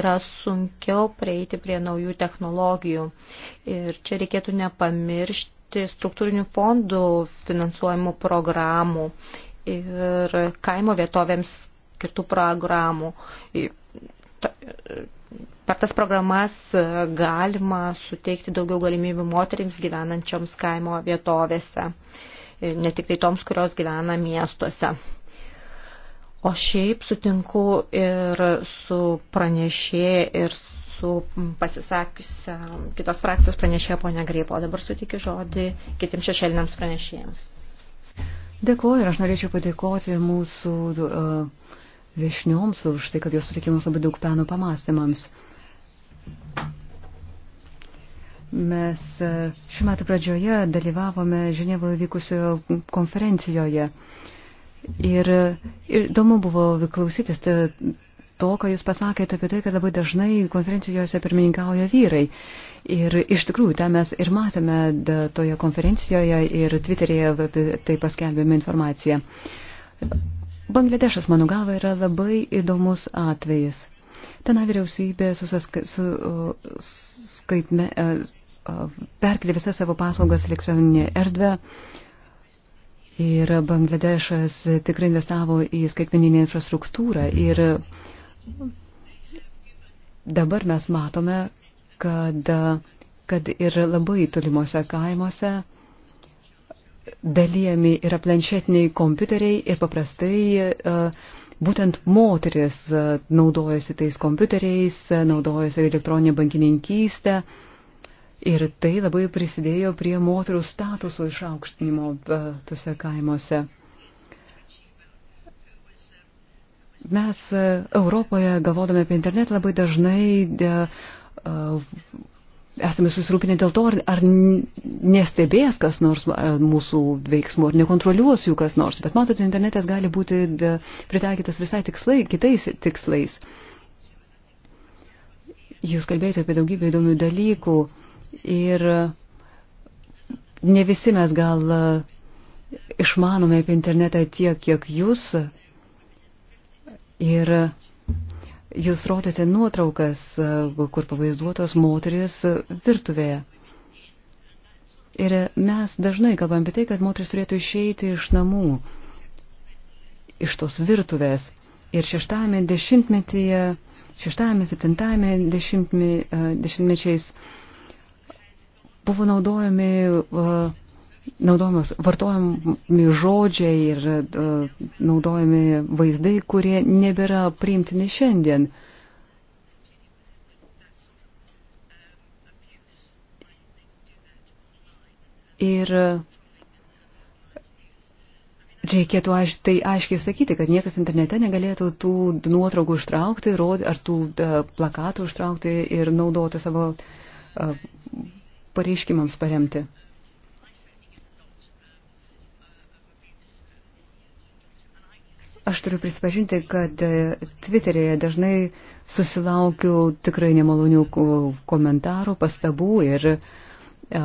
[SPEAKER 2] yra sunkiau prieiti prie naujų technologijų. Ir čia reikėtų nepamiršti struktūrinių fondų finansuojamų programų ir kaimo vietovėms skirtų programų per tas programas e, galima suteikti daugiau galimybių moterims gyvenančioms kaimo vietovėse, e, ne tik tai toms, kurios gyvena miestuose. O šiaip sutinku ir su pranešėja, ir su pasisakiusia kitos frakcijos pranešėja ponia Greipo. O dabar sutikiu žodį kitiems šešėliniams pranešėjams.
[SPEAKER 3] Dėkuoju ir aš norėčiau padėkoti mūsų uh, viešnioms už tai, kad jos sutikimas labai daug peno pamastymams. Mes e, šiuo metu pradžioje dalyvavome Ženevoje vykusioje konferencijoje. Ir, e, ir įdomu buvo klausytis to, ką jūs pasakėte apie tai, kad labai dažnai konferencijose pirmininkauja vyrai. Ir iš tikrųjų, tą mes ir matėme da, toje konferencijoje ir Twitter'yje tai paskelbėme informaciją. Bangladešas, mano galva, yra labai įdomus atvejis. Tena vyriausybė susaska, su, skaitme, e, perkelė visą savo paslaugas elektroninė erdvė. Ir Bangladešas tikrai investavo į skaitmeninę infrastruktūrą. Ir dabar mes matome, kad, kad ir labai tolimuose kaimuose dalyjami yra planšetiniai kompiuteriai ir paprastai e, būtent moteris e, naudojasi tais kompiuteriais, e, naudojasi elektroninė bankininkystė. Ir tai labai prisidėjo prie moterų statuso išaukštinimo tose kaimuose. Mes Europoje, galvodami apie internetą, labai dažnai esame susirūpinę dėl to, ar, ar nestebės kas nors mūsų veiksmų, ar nekontroliuos jų kas nors. Bet matote, internetas gali būti pritaikytas visai tikslai, kitais tikslais. Jūs kalbėjote apie daugybę įdomių dalykų ir ne visi mes gal išmanome apie internetą tiek, kiek jūs. Ir Jūs rodėte nuotraukas, e, kur pavaizduotos moteris e, virtuvėje. Ir mes dažnai kalbam apie tai, kad moteris turėtų išeiti iš namų, iš tos virtuvės. Ir šeštame dešimtmetyje, šeštame, septintame dešimtme, e, dešimtmečiais buvo naudojami uh, naudojamos, vartojami žodžiai ir uh, naudojami vaizdai, kurie nebėra priimtini šiandien. Ir reikėtų aš, tai aiškiai sakyti, kad niekas internete negalėtų tų nuotraukų ištraukti rod, ar tų uh, plakatų ištraukti ir naudoti savo uh, pareiškimams paremti. Aš turiu prisipažinti, kad e, Twitter'e dažnai susilaukiu tikrai nemalonių komentarų, pastabų ir, e,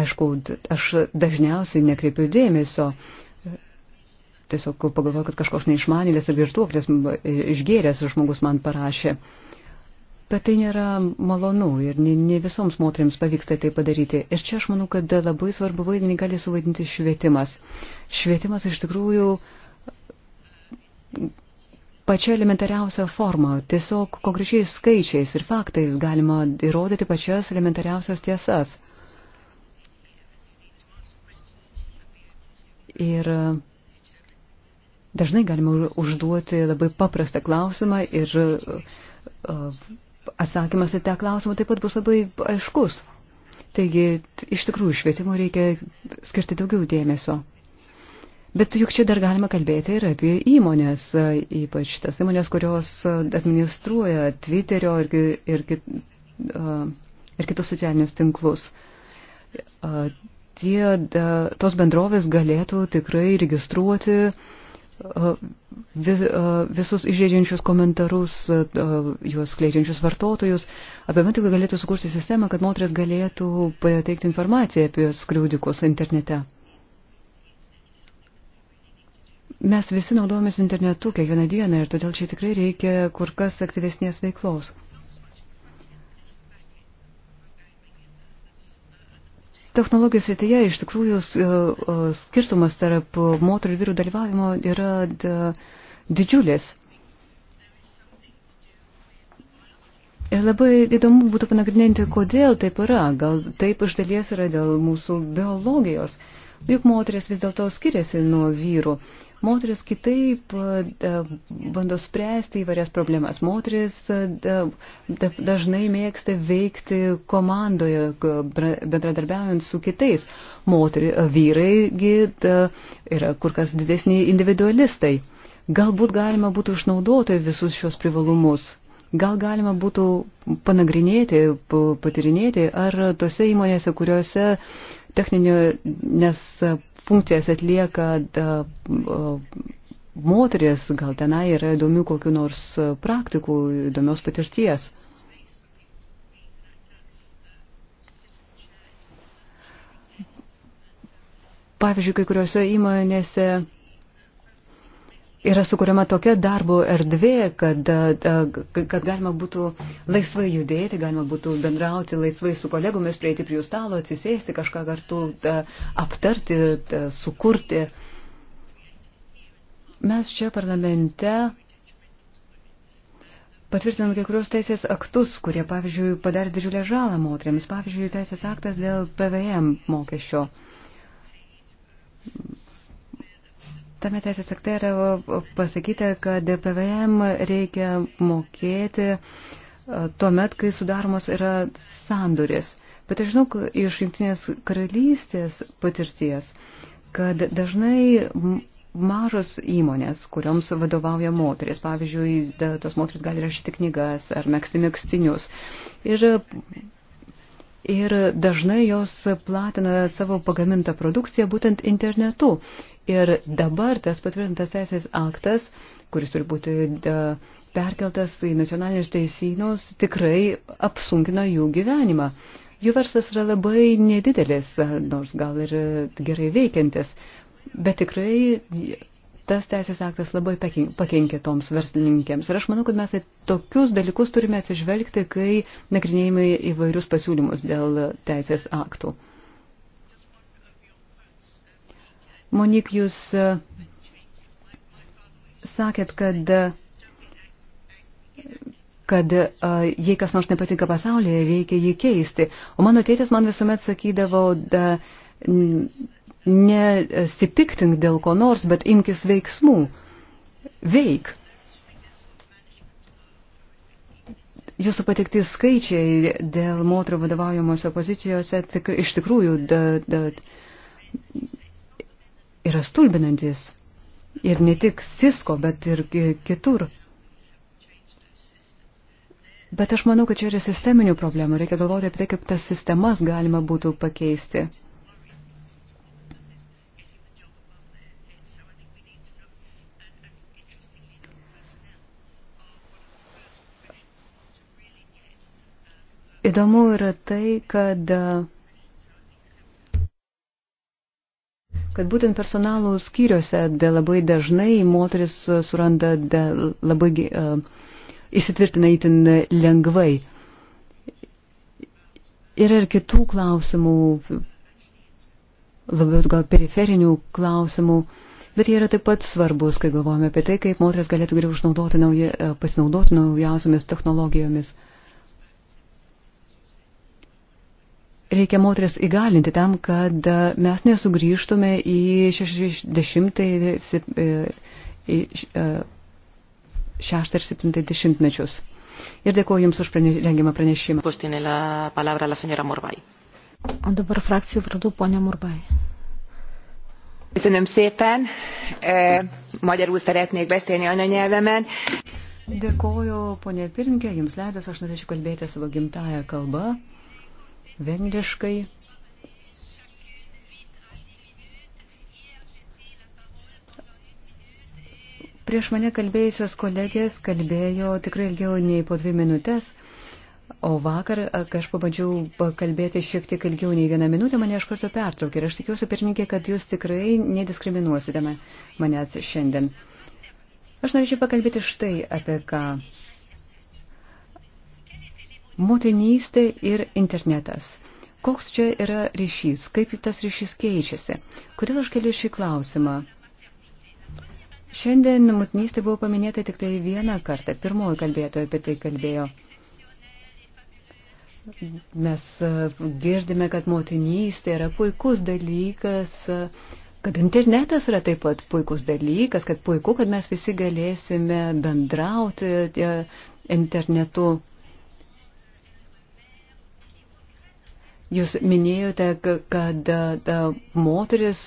[SPEAKER 3] aišku, aš dažniausiai nekreipiu dėmesio. Tiesiog pagalvoju, kad kažkoks neišmanėlis ir virtuoklės išgėręs žmogus man parašė. Bet tai nėra malonu ir ne, ne visoms moteriams pavyksta tai padaryti. Ir čia aš manau, kad labai svarbu vaidmenį gali suvaidinti švietimas. Švietimas iš tikrųjų uh, pačia elementariausia forma, tiesiog konkrečiais skaičiais ir faktais galima įrodyti pačias elementariausias tiesas. Ir dažnai galima užduoti labai paprastą klausimą ir e, atsakymas į tą klausimą taip pat bus labai aiškus. Taigi, iš tikrųjų, švietimo reikia skirti daugiau dėmesio. Bet juk čia dar galima kalbėti ir apie įmonės, ypač tas įmonės, kurios administruoja Twitterio ir, ir, kit, ir kitus socialinius tinklus. Tie, tos bendrovės galėtų tikrai registruoti vis, visus išžeidžiančius komentarus, juos skleidžiančius vartotojus. Apie metu galėtų sukurti sistemą, kad moteris galėtų pateikti informaciją apie skriaudikus internete. Mes visi naudojamės internetu kiekvieną dieną ir todėl čia tikrai reikia kur kas aktyvesnės veiklos. Technologijos rytyje iš tikrųjų e, e, skirtumas tarp moterų ir vyrų dalyvavimo yra didžiulis. Ir labai įdomu būtų panagrinėti, kodėl taip yra. Gal taip iš dalies yra dėl mūsų biologijos. Juk moteris vis dėlto skiriasi nuo vyrų. Moteris kitaip e, e, bando spręsti įvairias problemas. Moteris e, dažnai mėgsta veikti komandoje, bendradarbiaujant su kitais. Moteri, vyrai yra kur kas didesni individualistai. Galbūt galima būtų išnaudoti visus šios privalumus. Gal galima būtų panagrinėti, patirinėti, ar tose įmonėse, kuriuose techninės funkcijas atlieka moteris, gal tenai yra įdomių kokiu nors e, praktikų, įdomios patirties. Pavyzdžiui, kai kuriuose įmonėse yra sukūriama tokia darbo erdvė, kad, kad galima būtų laisvai judėti, galima būtų bendrauti laisvai su kolegomis, prieiti prie jų stalo, atsisėsti, kažką kartu aptarti, sukurti. Mes čia parlamente patvirtinam kai kurios teisės aktus, kurie, pavyzdžiui, padarė didžiulę žalą moteriams. Pavyzdžiui, teisės aktas dėl PVM mokesčio Tame teisės akte yra pasakyta, kad PVM reikia mokėti tuomet, kai sudaromas yra sandoris. Bet aš žinau iš Junktinės karalystės patirties, kad dažnai mažos įmonės, kurioms vadovauja moteris, pavyzdžiui, tos moteris gali rašyti knygas ar mėgsti mėgstinius. Ir ir dažnai jos platina savo pagamintą produkciją būtent internetu. Ir dabar tas patvirtintas teisės aktas, kuris turi būti e, perkeltas į nacionalinius teisynus, tikrai apsunkina jų gyvenimą. Jų verslas yra labai nedidelis, nors gal ir gerai veikiantis, bet tikrai tas teisės aktas labai pakenkė toms verslininkėms. Ir aš manau, kad mes tokius dalykus turime atsižvelgti, kai nagrinėjame įvairius pasiūlymus dėl teisės aktų. Monik, jūs e, sakėt, kad, kad e, jei kas nors nepatinka pasaulyje, reikia jį keisti. O mano tėtis man visuomet sakydavo, da, nesipiktink dėl ko nors, bet imkis veiksmų. Veik. Jūsų patikti skaičiai dėl moterų vadovaujamosios pozicijose tik, iš tikrųjų da, da, yra stulbinantis. Ir ne tik Sisko, bet ir kitur. Bet aš manau, kad čia yra sisteminių problemų. Reikia galvoti apie tai, kaip tas sistemas galima būtų pakeisti. Įdomu yra tai, kad, kad būtent personalų skyriuose labai dažnai moteris suranda labai uh, įsitvirtina įtin lengvai. Yra ir kitų klausimų, labiau gal periferinių klausimų. Bet jie yra taip pat svarbus, kai galvojame apie tai, kaip moteris galėtų geriau išnaudoti nauja, e, pasinaudoti naujausiamis technologijomis. reikia moteris įgalinti tam, kad e, mes nesugrįžtume į 60 e, e, šeštą ir septintą dešimtmečius. Ir dėkuoju Jums už prane, rengiamą pranešimą.
[SPEAKER 2] O dabar frakcijų vardu ponia Murbai.
[SPEAKER 3] Köszönöm szépen. Magyarul szeretnék beszélni anyanyelvemen. Dėkoju, ponė Pirinkė, jums leidus, aš norėčiau kalbėti savo gimtają kalbą vengriškai. Prieš mane kalbėjusios kolegės kalbėjo tikrai ilgiau nei po dvi minutės, o vakar, kai aš pabandžiau pakalbėti šiek tiek ilgiau nei vieną minutę, mane iš karto pertraukė ir aš tikiuosi, pirmininkė, kad jūs tikrai nediskriminuosite manęs šiandien. Aš norėčiau pakalbėti štai apie ką. Motinystė ir internetas. Koks čia yra ryšys? Kaip tas ryšys keičiasi? Kodėl aš keliu šį klausimą? Šiandien motinystė buvo paminėta tik tai vieną kartą. Pirmoji kalbėtoja apie tai kalbėjo. Mes e, girdime, kad motinystė yra puikus dalykas, e, kad internetas yra taip pat puikus dalykas, kad puiku, kad mes visi galėsime bendrauti e, internetu. Jūs minėjote, kad moteris,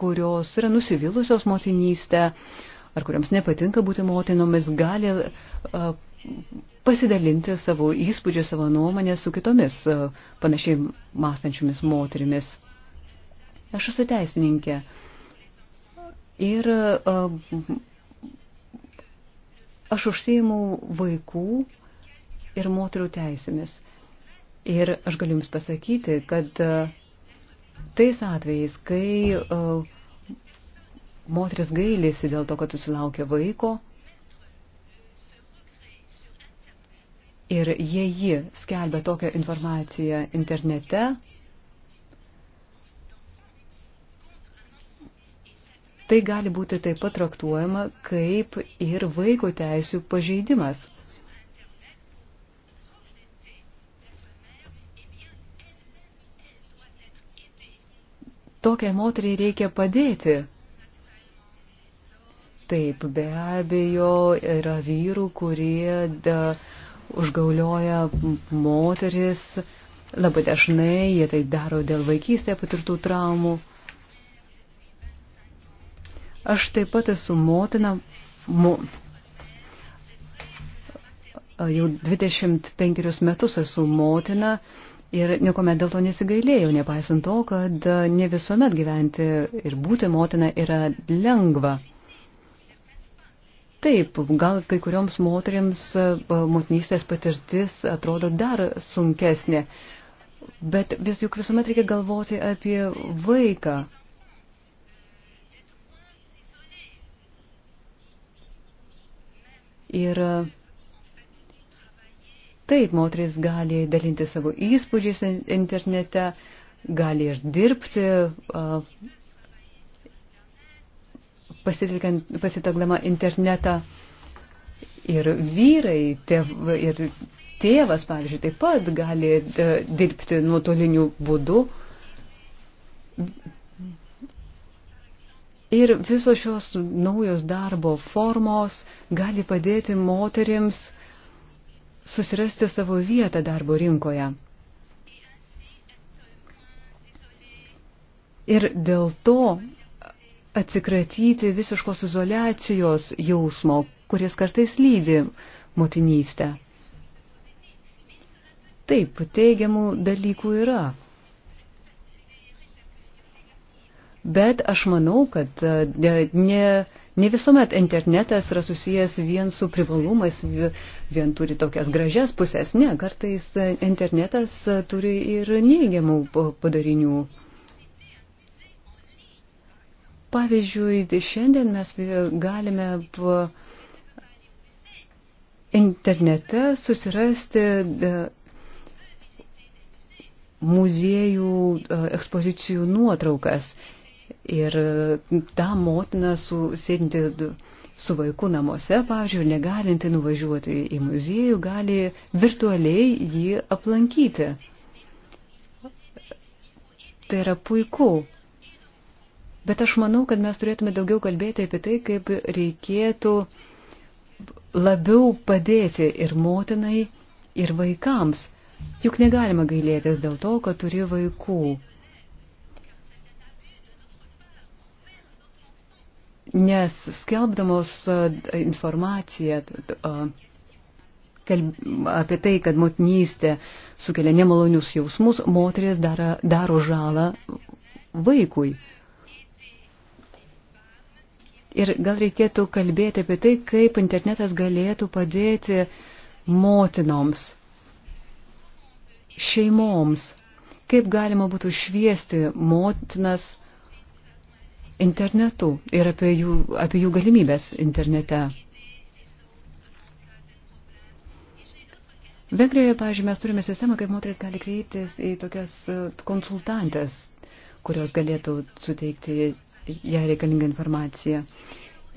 [SPEAKER 3] kurios yra nusivylusios motinystę ar kuriams nepatinka būti motinomis, gali pasidalinti savo įspūdžių, savo nuomonę su kitomis panašiai mąstančiomis moterimis. Aš esu teisininkė. Ir aš užsijimu vaikų ir moterų teisėmis. Ir aš galiu Jums pasakyti, kad e, tais atvejais, kai e, moteris gailėsi dėl to, kad susilaukė vaiko, ir jei ji skelbia tokią informaciją internete, tai gali būti taip pat traktuojama kaip ir vaiko teisų pažeidimas. tokiai moteriai reikia padėti. Taip, be abejo, yra vyrų, kurie da, užgaulioja moteris. Labai dažnai jie tai daro dėl vaikystėje patirtų traumų. Aš taip pat esu motina. Mo, jau 25 metus esu motina. Uh, Ir niekuomet dėl to nesigailėjau, nepaisant to, kad ne visuomet gyventi ir būti motina yra lengva. Taip, gal kai kurioms moteriams e, motinystės patirtis atrodo dar sunkesnė, bet vis juk visuomet reikia galvoti apie vaiką, Ir Taip, moteris gali dalinti savo įspūdžiais internete, gali ir dirbti, pasitelkdama internetą. Ir vyrai, tėv, ir tėvas, pavyzdžiui, taip pat gali dirbti nuotoliniu būdu. Ir visos šios naujos darbo formos gali padėti moterims uh, susirasti savo vietą darbo rinkoje. Ir dėl to atsikratyti visiškos izolacijos jausmo, kuris kartais lydi motinystę. Taip, teigiamų dalykų yra. Bet aš manau, kad e, ne Ne visuomet internetas yra susijęs vien su privalumais, vien turi tokias gražias pusės. Ne, kartais internetas turi ir neigiamų padarinių. Pavyzdžiui, šiandien mes galime internete susirasti muziejų e, ekspozicijų nuotraukas. Ir e, ta motina su, sėdinti su vaiku namuose, pavyzdžiui, negalinti nuvažiuoti į muziejų, gali virtualiai jį aplankyti. Tai yra puiku. Bet aš manau, kad mes turėtume daugiau kalbėti apie tai, kaip reikėtų labiau padėti ir motinai, ir vaikams. Juk negalima gailėtis dėl to, kad turi vaikų. nes skelbdamos informaciją apie tai, kad motinystė sukelia nemalonius jausmus, moteris daro, daro žalą vaikui. Ir gal reikėtų kalbėti apie tai, kaip internetas galėtų padėti motinoms, šeimoms, kaip galima būtų šviesti motinas internetu ir apie jų, apie jų galimybės internete. Vengrijoje, pažiūrėjau, mes turime sistemą, kaip moteris gali kreiptis į tokias e, konsultantės, kurios galėtų suteikti ją reikalingą informaciją.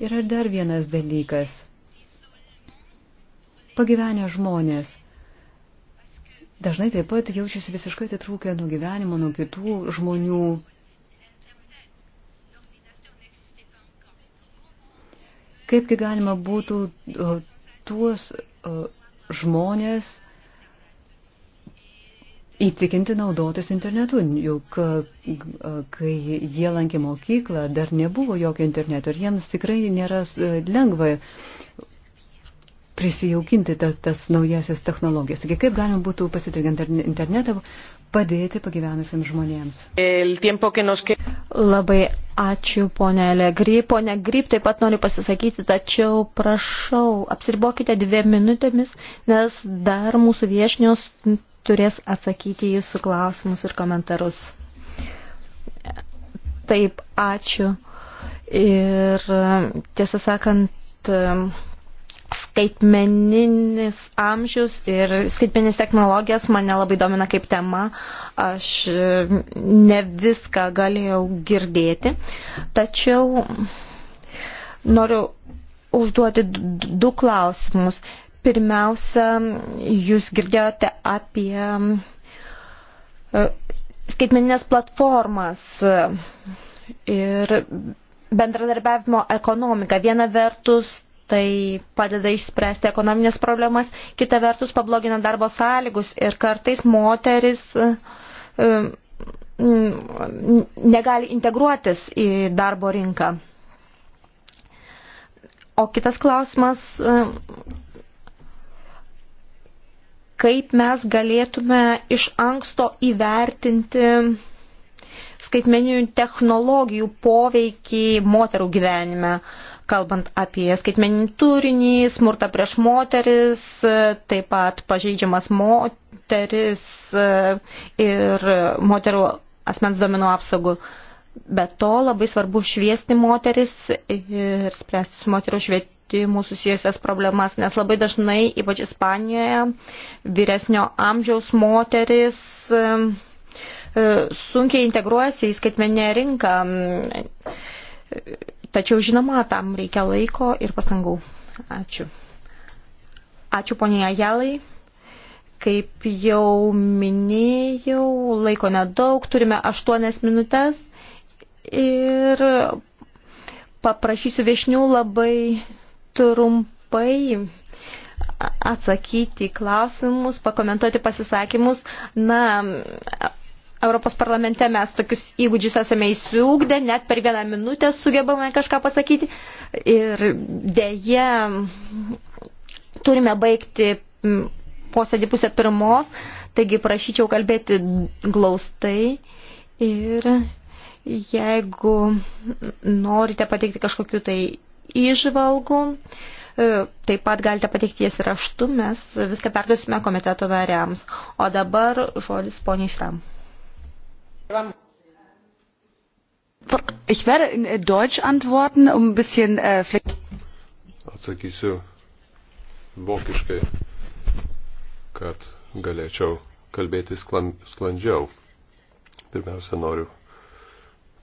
[SPEAKER 3] Yra dar vienas dalykas. Pagyvenę žmonės dažnai taip pat jaučiasi visiškai atitrūkę nuo gyvenimo, nuo kitų žmonių Kaipgi galima būtų tuos žmonės įtikinti naudotis internetu, juk kai jie lankė mokyklą, dar nebuvo jokio interneto ir jiems tikrai nėra e, lengva prisijaukinti ta, tas naujasis technologijas. Taigi kaip galima būtų pasitelkiant internetą padėti pagyvenusiems žmonėms. Labai ačiū, ponė Legry. Pone Gryp
[SPEAKER 2] taip pat noriu pasisakyti, tačiau prašau, apsiribokite dviem minutėmis, nes dar mūsų viešnios turės atsakyti jūsų klausimus ir komentarus. Taip, ačiū. Ir tiesą sakant, skaitmeninis amžius ir skaitmeninis technologijos mane labai domina kaip tema. Aš e, ne viską galėjau girdėti, tačiau noriu užduoti du klausimus. Pirmiausia, jūs girdėjote apie e, skaitmeninės platformas e, ir bendradarbiavimo ekonomika. Viena vertus tai padeda išspręsti ekonominės problemas, kita vertus pablogina darbo sąlygus ir kartais moteris e, mm, negali integruotis į darbo rinką. O kitas klausimas, e, kaip mes galėtume iš anksto įvertinti skaitmeninių technologijų poveikį moterų gyvenime. Uh, kalbant apie skaitmeninį turinį, smurtą prieš moteris, taip pat pažeidžiamas moteris e, ir moterų asmens domino apsaugų. Be to labai svarbu šviesti moteris ir spręsti su moterų švietimu susijusias problemas, nes labai dažnai, ypač Ispanijoje, vyresnio amžiaus moteris e, e, sunkiai integruojasi į skaitmeninę rinką Tačiau, žinoma, tam reikia laiko ir pastangų. Ačiū. Ačiū poniai Ajelai. Kaip jau minėjau, laiko nedaug, turime 8 minutės ir paprašysiu viešnių labai trumpai atsakyti klausimus, pakomentuoti pasisakymus. Na, Europos parlamente mes tokius įgūdžius esame įsiugdę, net per vieną minutę sugebame kažką pasakyti. Ir dėje mm, turime baigti mm, posėdį pusę pirmos, taigi prašyčiau kalbėti glaustai. Ir jeigu norite pateikti kažkokiu tai įžvalgų, e, taip pat galite pateikti jas raštu, mes viską perduosime komiteto nariams. O dabar žodis poniai Šram.
[SPEAKER 3] Ich werde in äh, Deutsch antworten, um ein bisschen äh,
[SPEAKER 4] Atsakysiu vokiškai, kad galėčiau kalbėti sklandžiau. Pirmiausia, noriu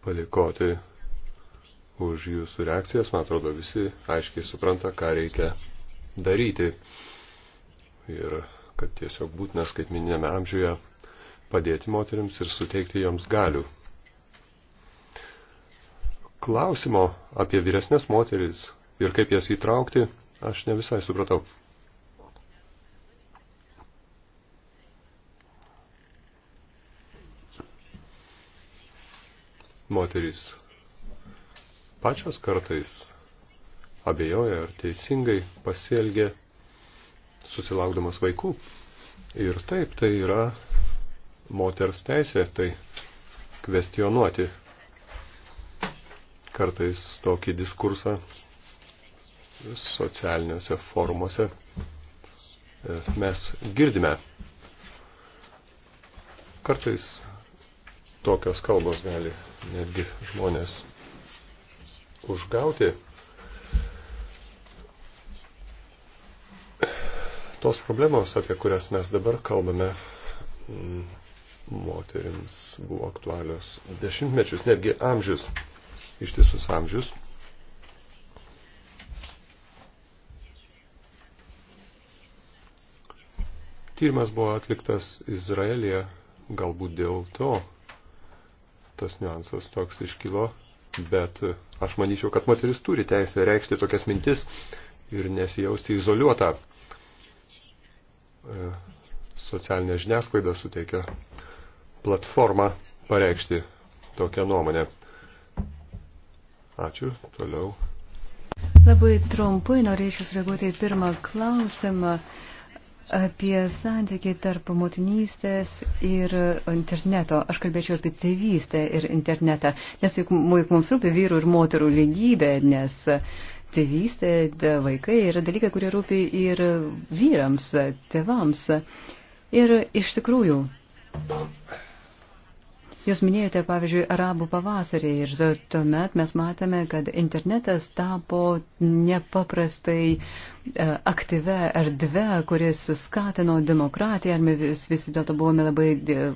[SPEAKER 4] palikoti už jūsų reakcijas. Man atrodo, visi aiškiai supranta, ką reikia daryti. Ir kad tiesiog būtina skaitmininėme amžiuje padėti moteriams ir suteikti joms galių. Klausimo apie vyresnės moteris ir kaip jas įtraukti, aš ne visai supratau. Moterys pačios kartais abejoja, ar teisingai pasielgia susilaukdamas vaikų. Ir taip, tai yra moters teisė tai kvestionuoti. Kartais tokį diskursą socialiniuose forumuose e, mes girdime. Kartais tokios kalbos gali netgi žmonės užgauti. Tos problemos, apie kurias mes dabar kalbame, moterims buvo aktualios dešimtmečius, netgi amžius, ištisus amžius. Tyrimas buvo atliktas Izraelija, galbūt dėl to tas niuansas toks iškilo, bet aš manyčiau, kad moteris turi teisę reikšti tokias mintis ir nesijausti izoliuotą. E, socialinė žiniasklaida suteikia platformą pareikšti tokią nuomonę. Ačiū. Toliau.
[SPEAKER 3] Labai trumpai norėčiau sureaguoti į pirmą klausimą apie santykį tarp motinystės ir interneto. Aš kalbėčiau apie tėvystę ir internetą, nes juk mums rūpi vyrų ir moterų lygybė, nes tėvystė, vaikai yra dalykai, kurie rūpi ir vyrams, tėvams. Ir iš tikrųjų, Jūs minėjote, pavyzdžiui, arabų pavasarį ir tuomet mes matėme, kad internetas tapo nepaprastai e, aktyvę erdvę, kuris skatino demokratiją ir mes visi dėl to buvome labai, e,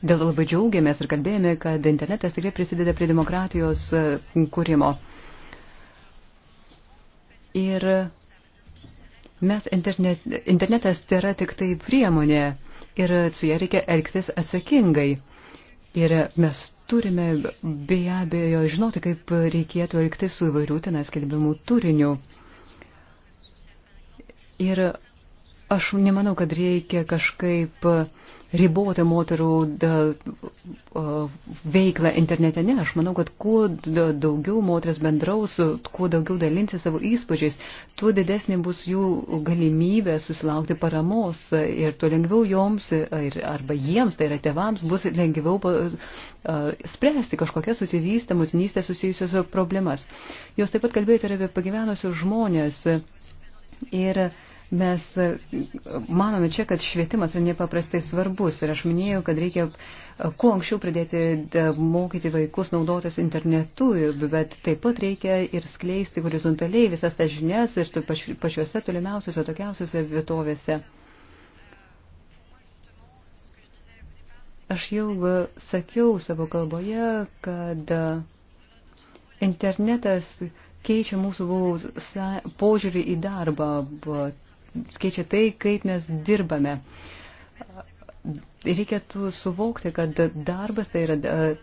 [SPEAKER 3] dėl to labai džiaugiamės ir kalbėjome, kad internetas tikrai prisideda prie demokratijos e, kūrimo. Ir mes internet, internetas tai yra tik tai priemonė ir su ja reikia elgtis atsakingai. Ir mes turime be abejo žinoti, kaip reikėtų elgtis su įvairių ten skelbimų turiniu. Ir aš nemanau, kad reikia kažkaip uh, riboti moterų da, veiklą internete. Ne, aš manau, kad kuo daugiau moteris bendraus, kuo daugiau dalinsi savo įspūdžiais, tuo didesnė bus jų galimybė susilaukti paramos ir tuo lengviau joms ir, arba jiems, tai yra tevams, bus lengviau spręsti kažkokias su tėvystė, motinystė susijusios problemas. Jos taip pat kalbėjote ir apie pagyvenusius žmonės. Ir uh, Mes e, manome čia, kad švietimas yra nepaprastai svarbus ir aš minėjau, kad reikia e, kuo anksčiau pradėti e, mokyti vaikus naudotis internetu, bet taip pat reikia ir skleisti horizontaliai visas tas žinias ir pačiuose tolimiausiuose, tokiausiuose vietovėse. Aš jau sakiau savo kalboje, kad internetas keičia mūsų požiūrį į darbą, keičia tai, kaip mes dirbame. Reikėtų suvokti, kad darbas tai yra,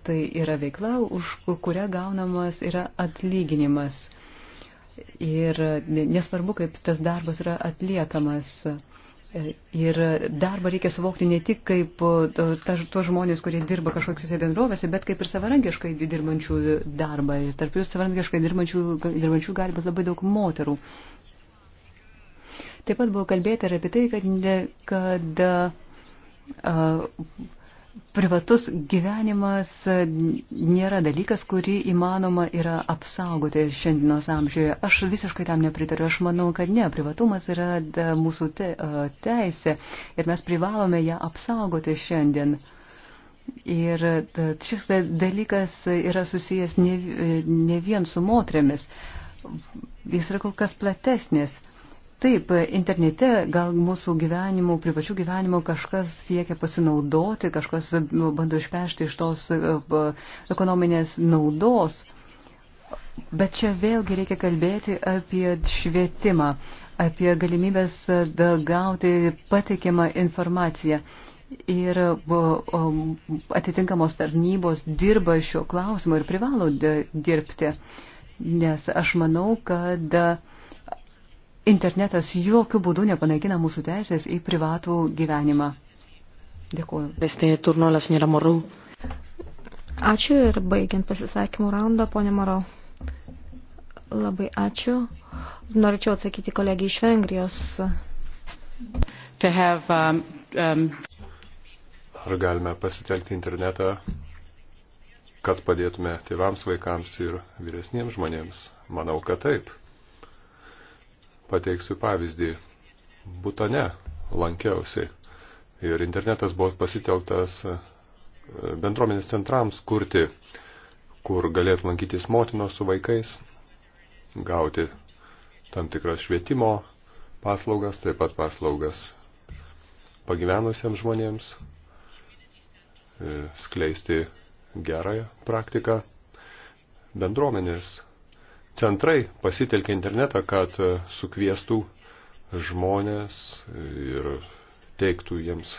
[SPEAKER 3] tai yra veikla, už kurią gaunamas yra atlyginimas. Ir nesvarbu, kaip tas darbas yra atliekamas. Ir darbą reikia suvokti ne tik kaip tuos žmonės, kurie dirba kažkokiuose bendrovėse, bet kaip ir savarankiškai dirbančių darbą. Ir tarp jų savarankiškai dirbančių, dirbančių gali būti labai daug moterų. Taip pat buvo kalbėta ir apie tai, kad, kad a, privatus gyvenimas nėra dalykas, kurį įmanoma yra apsaugoti šiandienos amžiuje. Aš visiškai tam nepritariu. Aš manau, kad ne, privatumas yra mūsų te, teisė ir mes privalome ją apsaugoti šiandien. Ir šis dalykas yra susijęs ne, ne vien su moteriamis. Jis yra kol kas platesnis. Taip, internete gal mūsų gyvenimų, privačių gyvenimų kažkas siekia pasinaudoti, kažkas nu, bando išpešti iš tos e, ekonominės naudos. Bet čia vėlgi reikia kalbėti apie švietimą, apie galimybės gauti patikimą informaciją. Ir atitinkamos tarnybos dirba šiuo klausimu ir privalo dirbti. Nes aš manau, kad internetas jokių būdų nepanaikina mūsų teisės į privatų gyvenimą. Dėkuoju.
[SPEAKER 2] Ačiū ir baigiant pasisakymų raundą, ponė Maro. Labai ačiū. Norėčiau atsakyti kolegį iš Vengrijos.
[SPEAKER 3] To have, um, um...
[SPEAKER 4] Ar galime pasitelkti internetą, kad padėtume tėvams, vaikams ir vyresniems žmonėms? Manau, kad taip. Pateiksiu pavyzdį. Butane lankiausi ir internetas buvo pasiteltas e, bendruomenės centrams kurti, kur galėtų lankytis motinos su vaikais, gauti tam tikras švietimo paslaugas, taip pat paslaugas pagyvenusiems žmonėms, e, skleisti gerąją praktiką. Bendruomenės centrai pasitelkia internetą, kad e, sukviestų žmonės ir teiktų jiems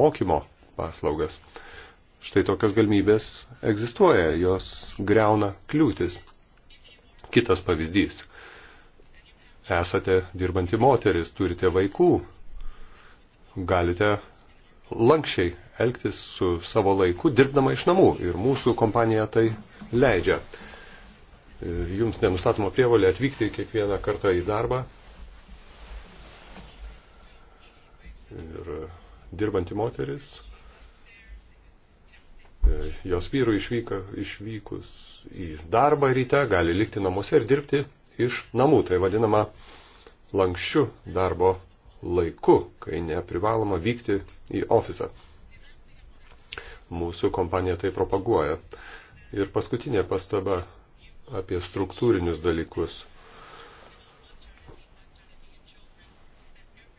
[SPEAKER 4] mokymo paslaugas. Štai tokios galimybės egzistuoja, jos greuna kliūtis. Kitas pavyzdys. Esate dirbanti moteris, turite vaikų, galite lankščiai elgtis su savo laiku, dirbdama iš namų ir mūsų kompanija tai leidžia jums nenustatoma prievalė atvykti kiekvieną kartą į darbą. Ir dirbanti moteris, jos vyrų išvyka, išvykus į darbą ryte, gali likti namuose ir dirbti iš namų. Tai vadinama lankščių darbo laiku, kai neprivaloma vykti į ofisą. Mūsų kompanija tai propaguoja. Ir paskutinė pastaba apie struktūrinius dalykus.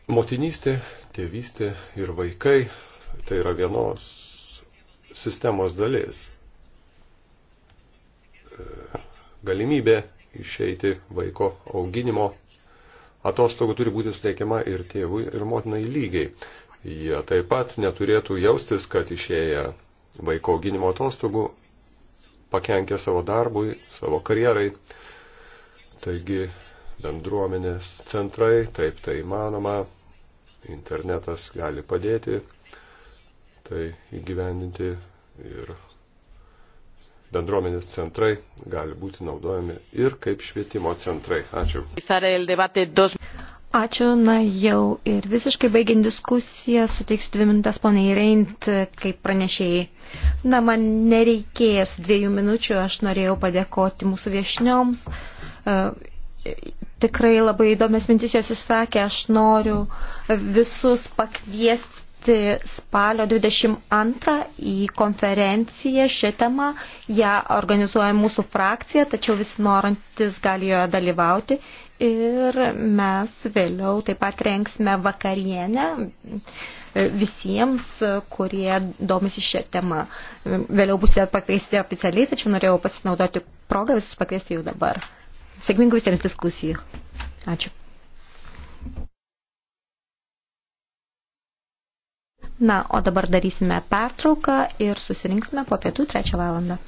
[SPEAKER 4] Motinystė, tėvystė ir vaikai tai yra vienos sistemos dalis. Galimybė išeiti vaiko auginimo atostogų turi būti suteikiama ir tėvui, ir motinai lygiai. Jie taip pat neturėtų jaustis, kad išėję vaiko auginimo atostogų pakenkia savo darbui, savo karjerai. Taigi bendruomenės centrai, taip tai įmanoma, internetas gali padėti tai įgyvendinti ir bendruomenės centrai gali būti naudojami ir kaip švietimo centrai. Ačiū.
[SPEAKER 2] Ačiū, na jau ir visiškai baigiant diskusiją, suteiksiu dvi minutės poniai Reint, e, kaip pranešėjai. Na, man nereikės dviejų minučių, aš norėjau padėkoti mūsų viešnioms. E, tikrai labai įdomias mintis jos išsakė, aš noriu visus pakviesti spalio 22 į konferenciją šią temą. Ja organizuoja mūsų frakcija, tačiau visi norantis gali joje dalyvauti ir mes vėliau taip pat rengsime vakarienę visiems, kurie domisi šią temą. Vėliau būsite pakviesti oficialiai, tačiau norėjau pasinaudoti progą visus pakviesti jau dabar. Sėkmingų visiems diskusijų. Ačiū. Na, o dabar darysime pertrauką ir susirinksime po pietų trečią
[SPEAKER 1] valandą.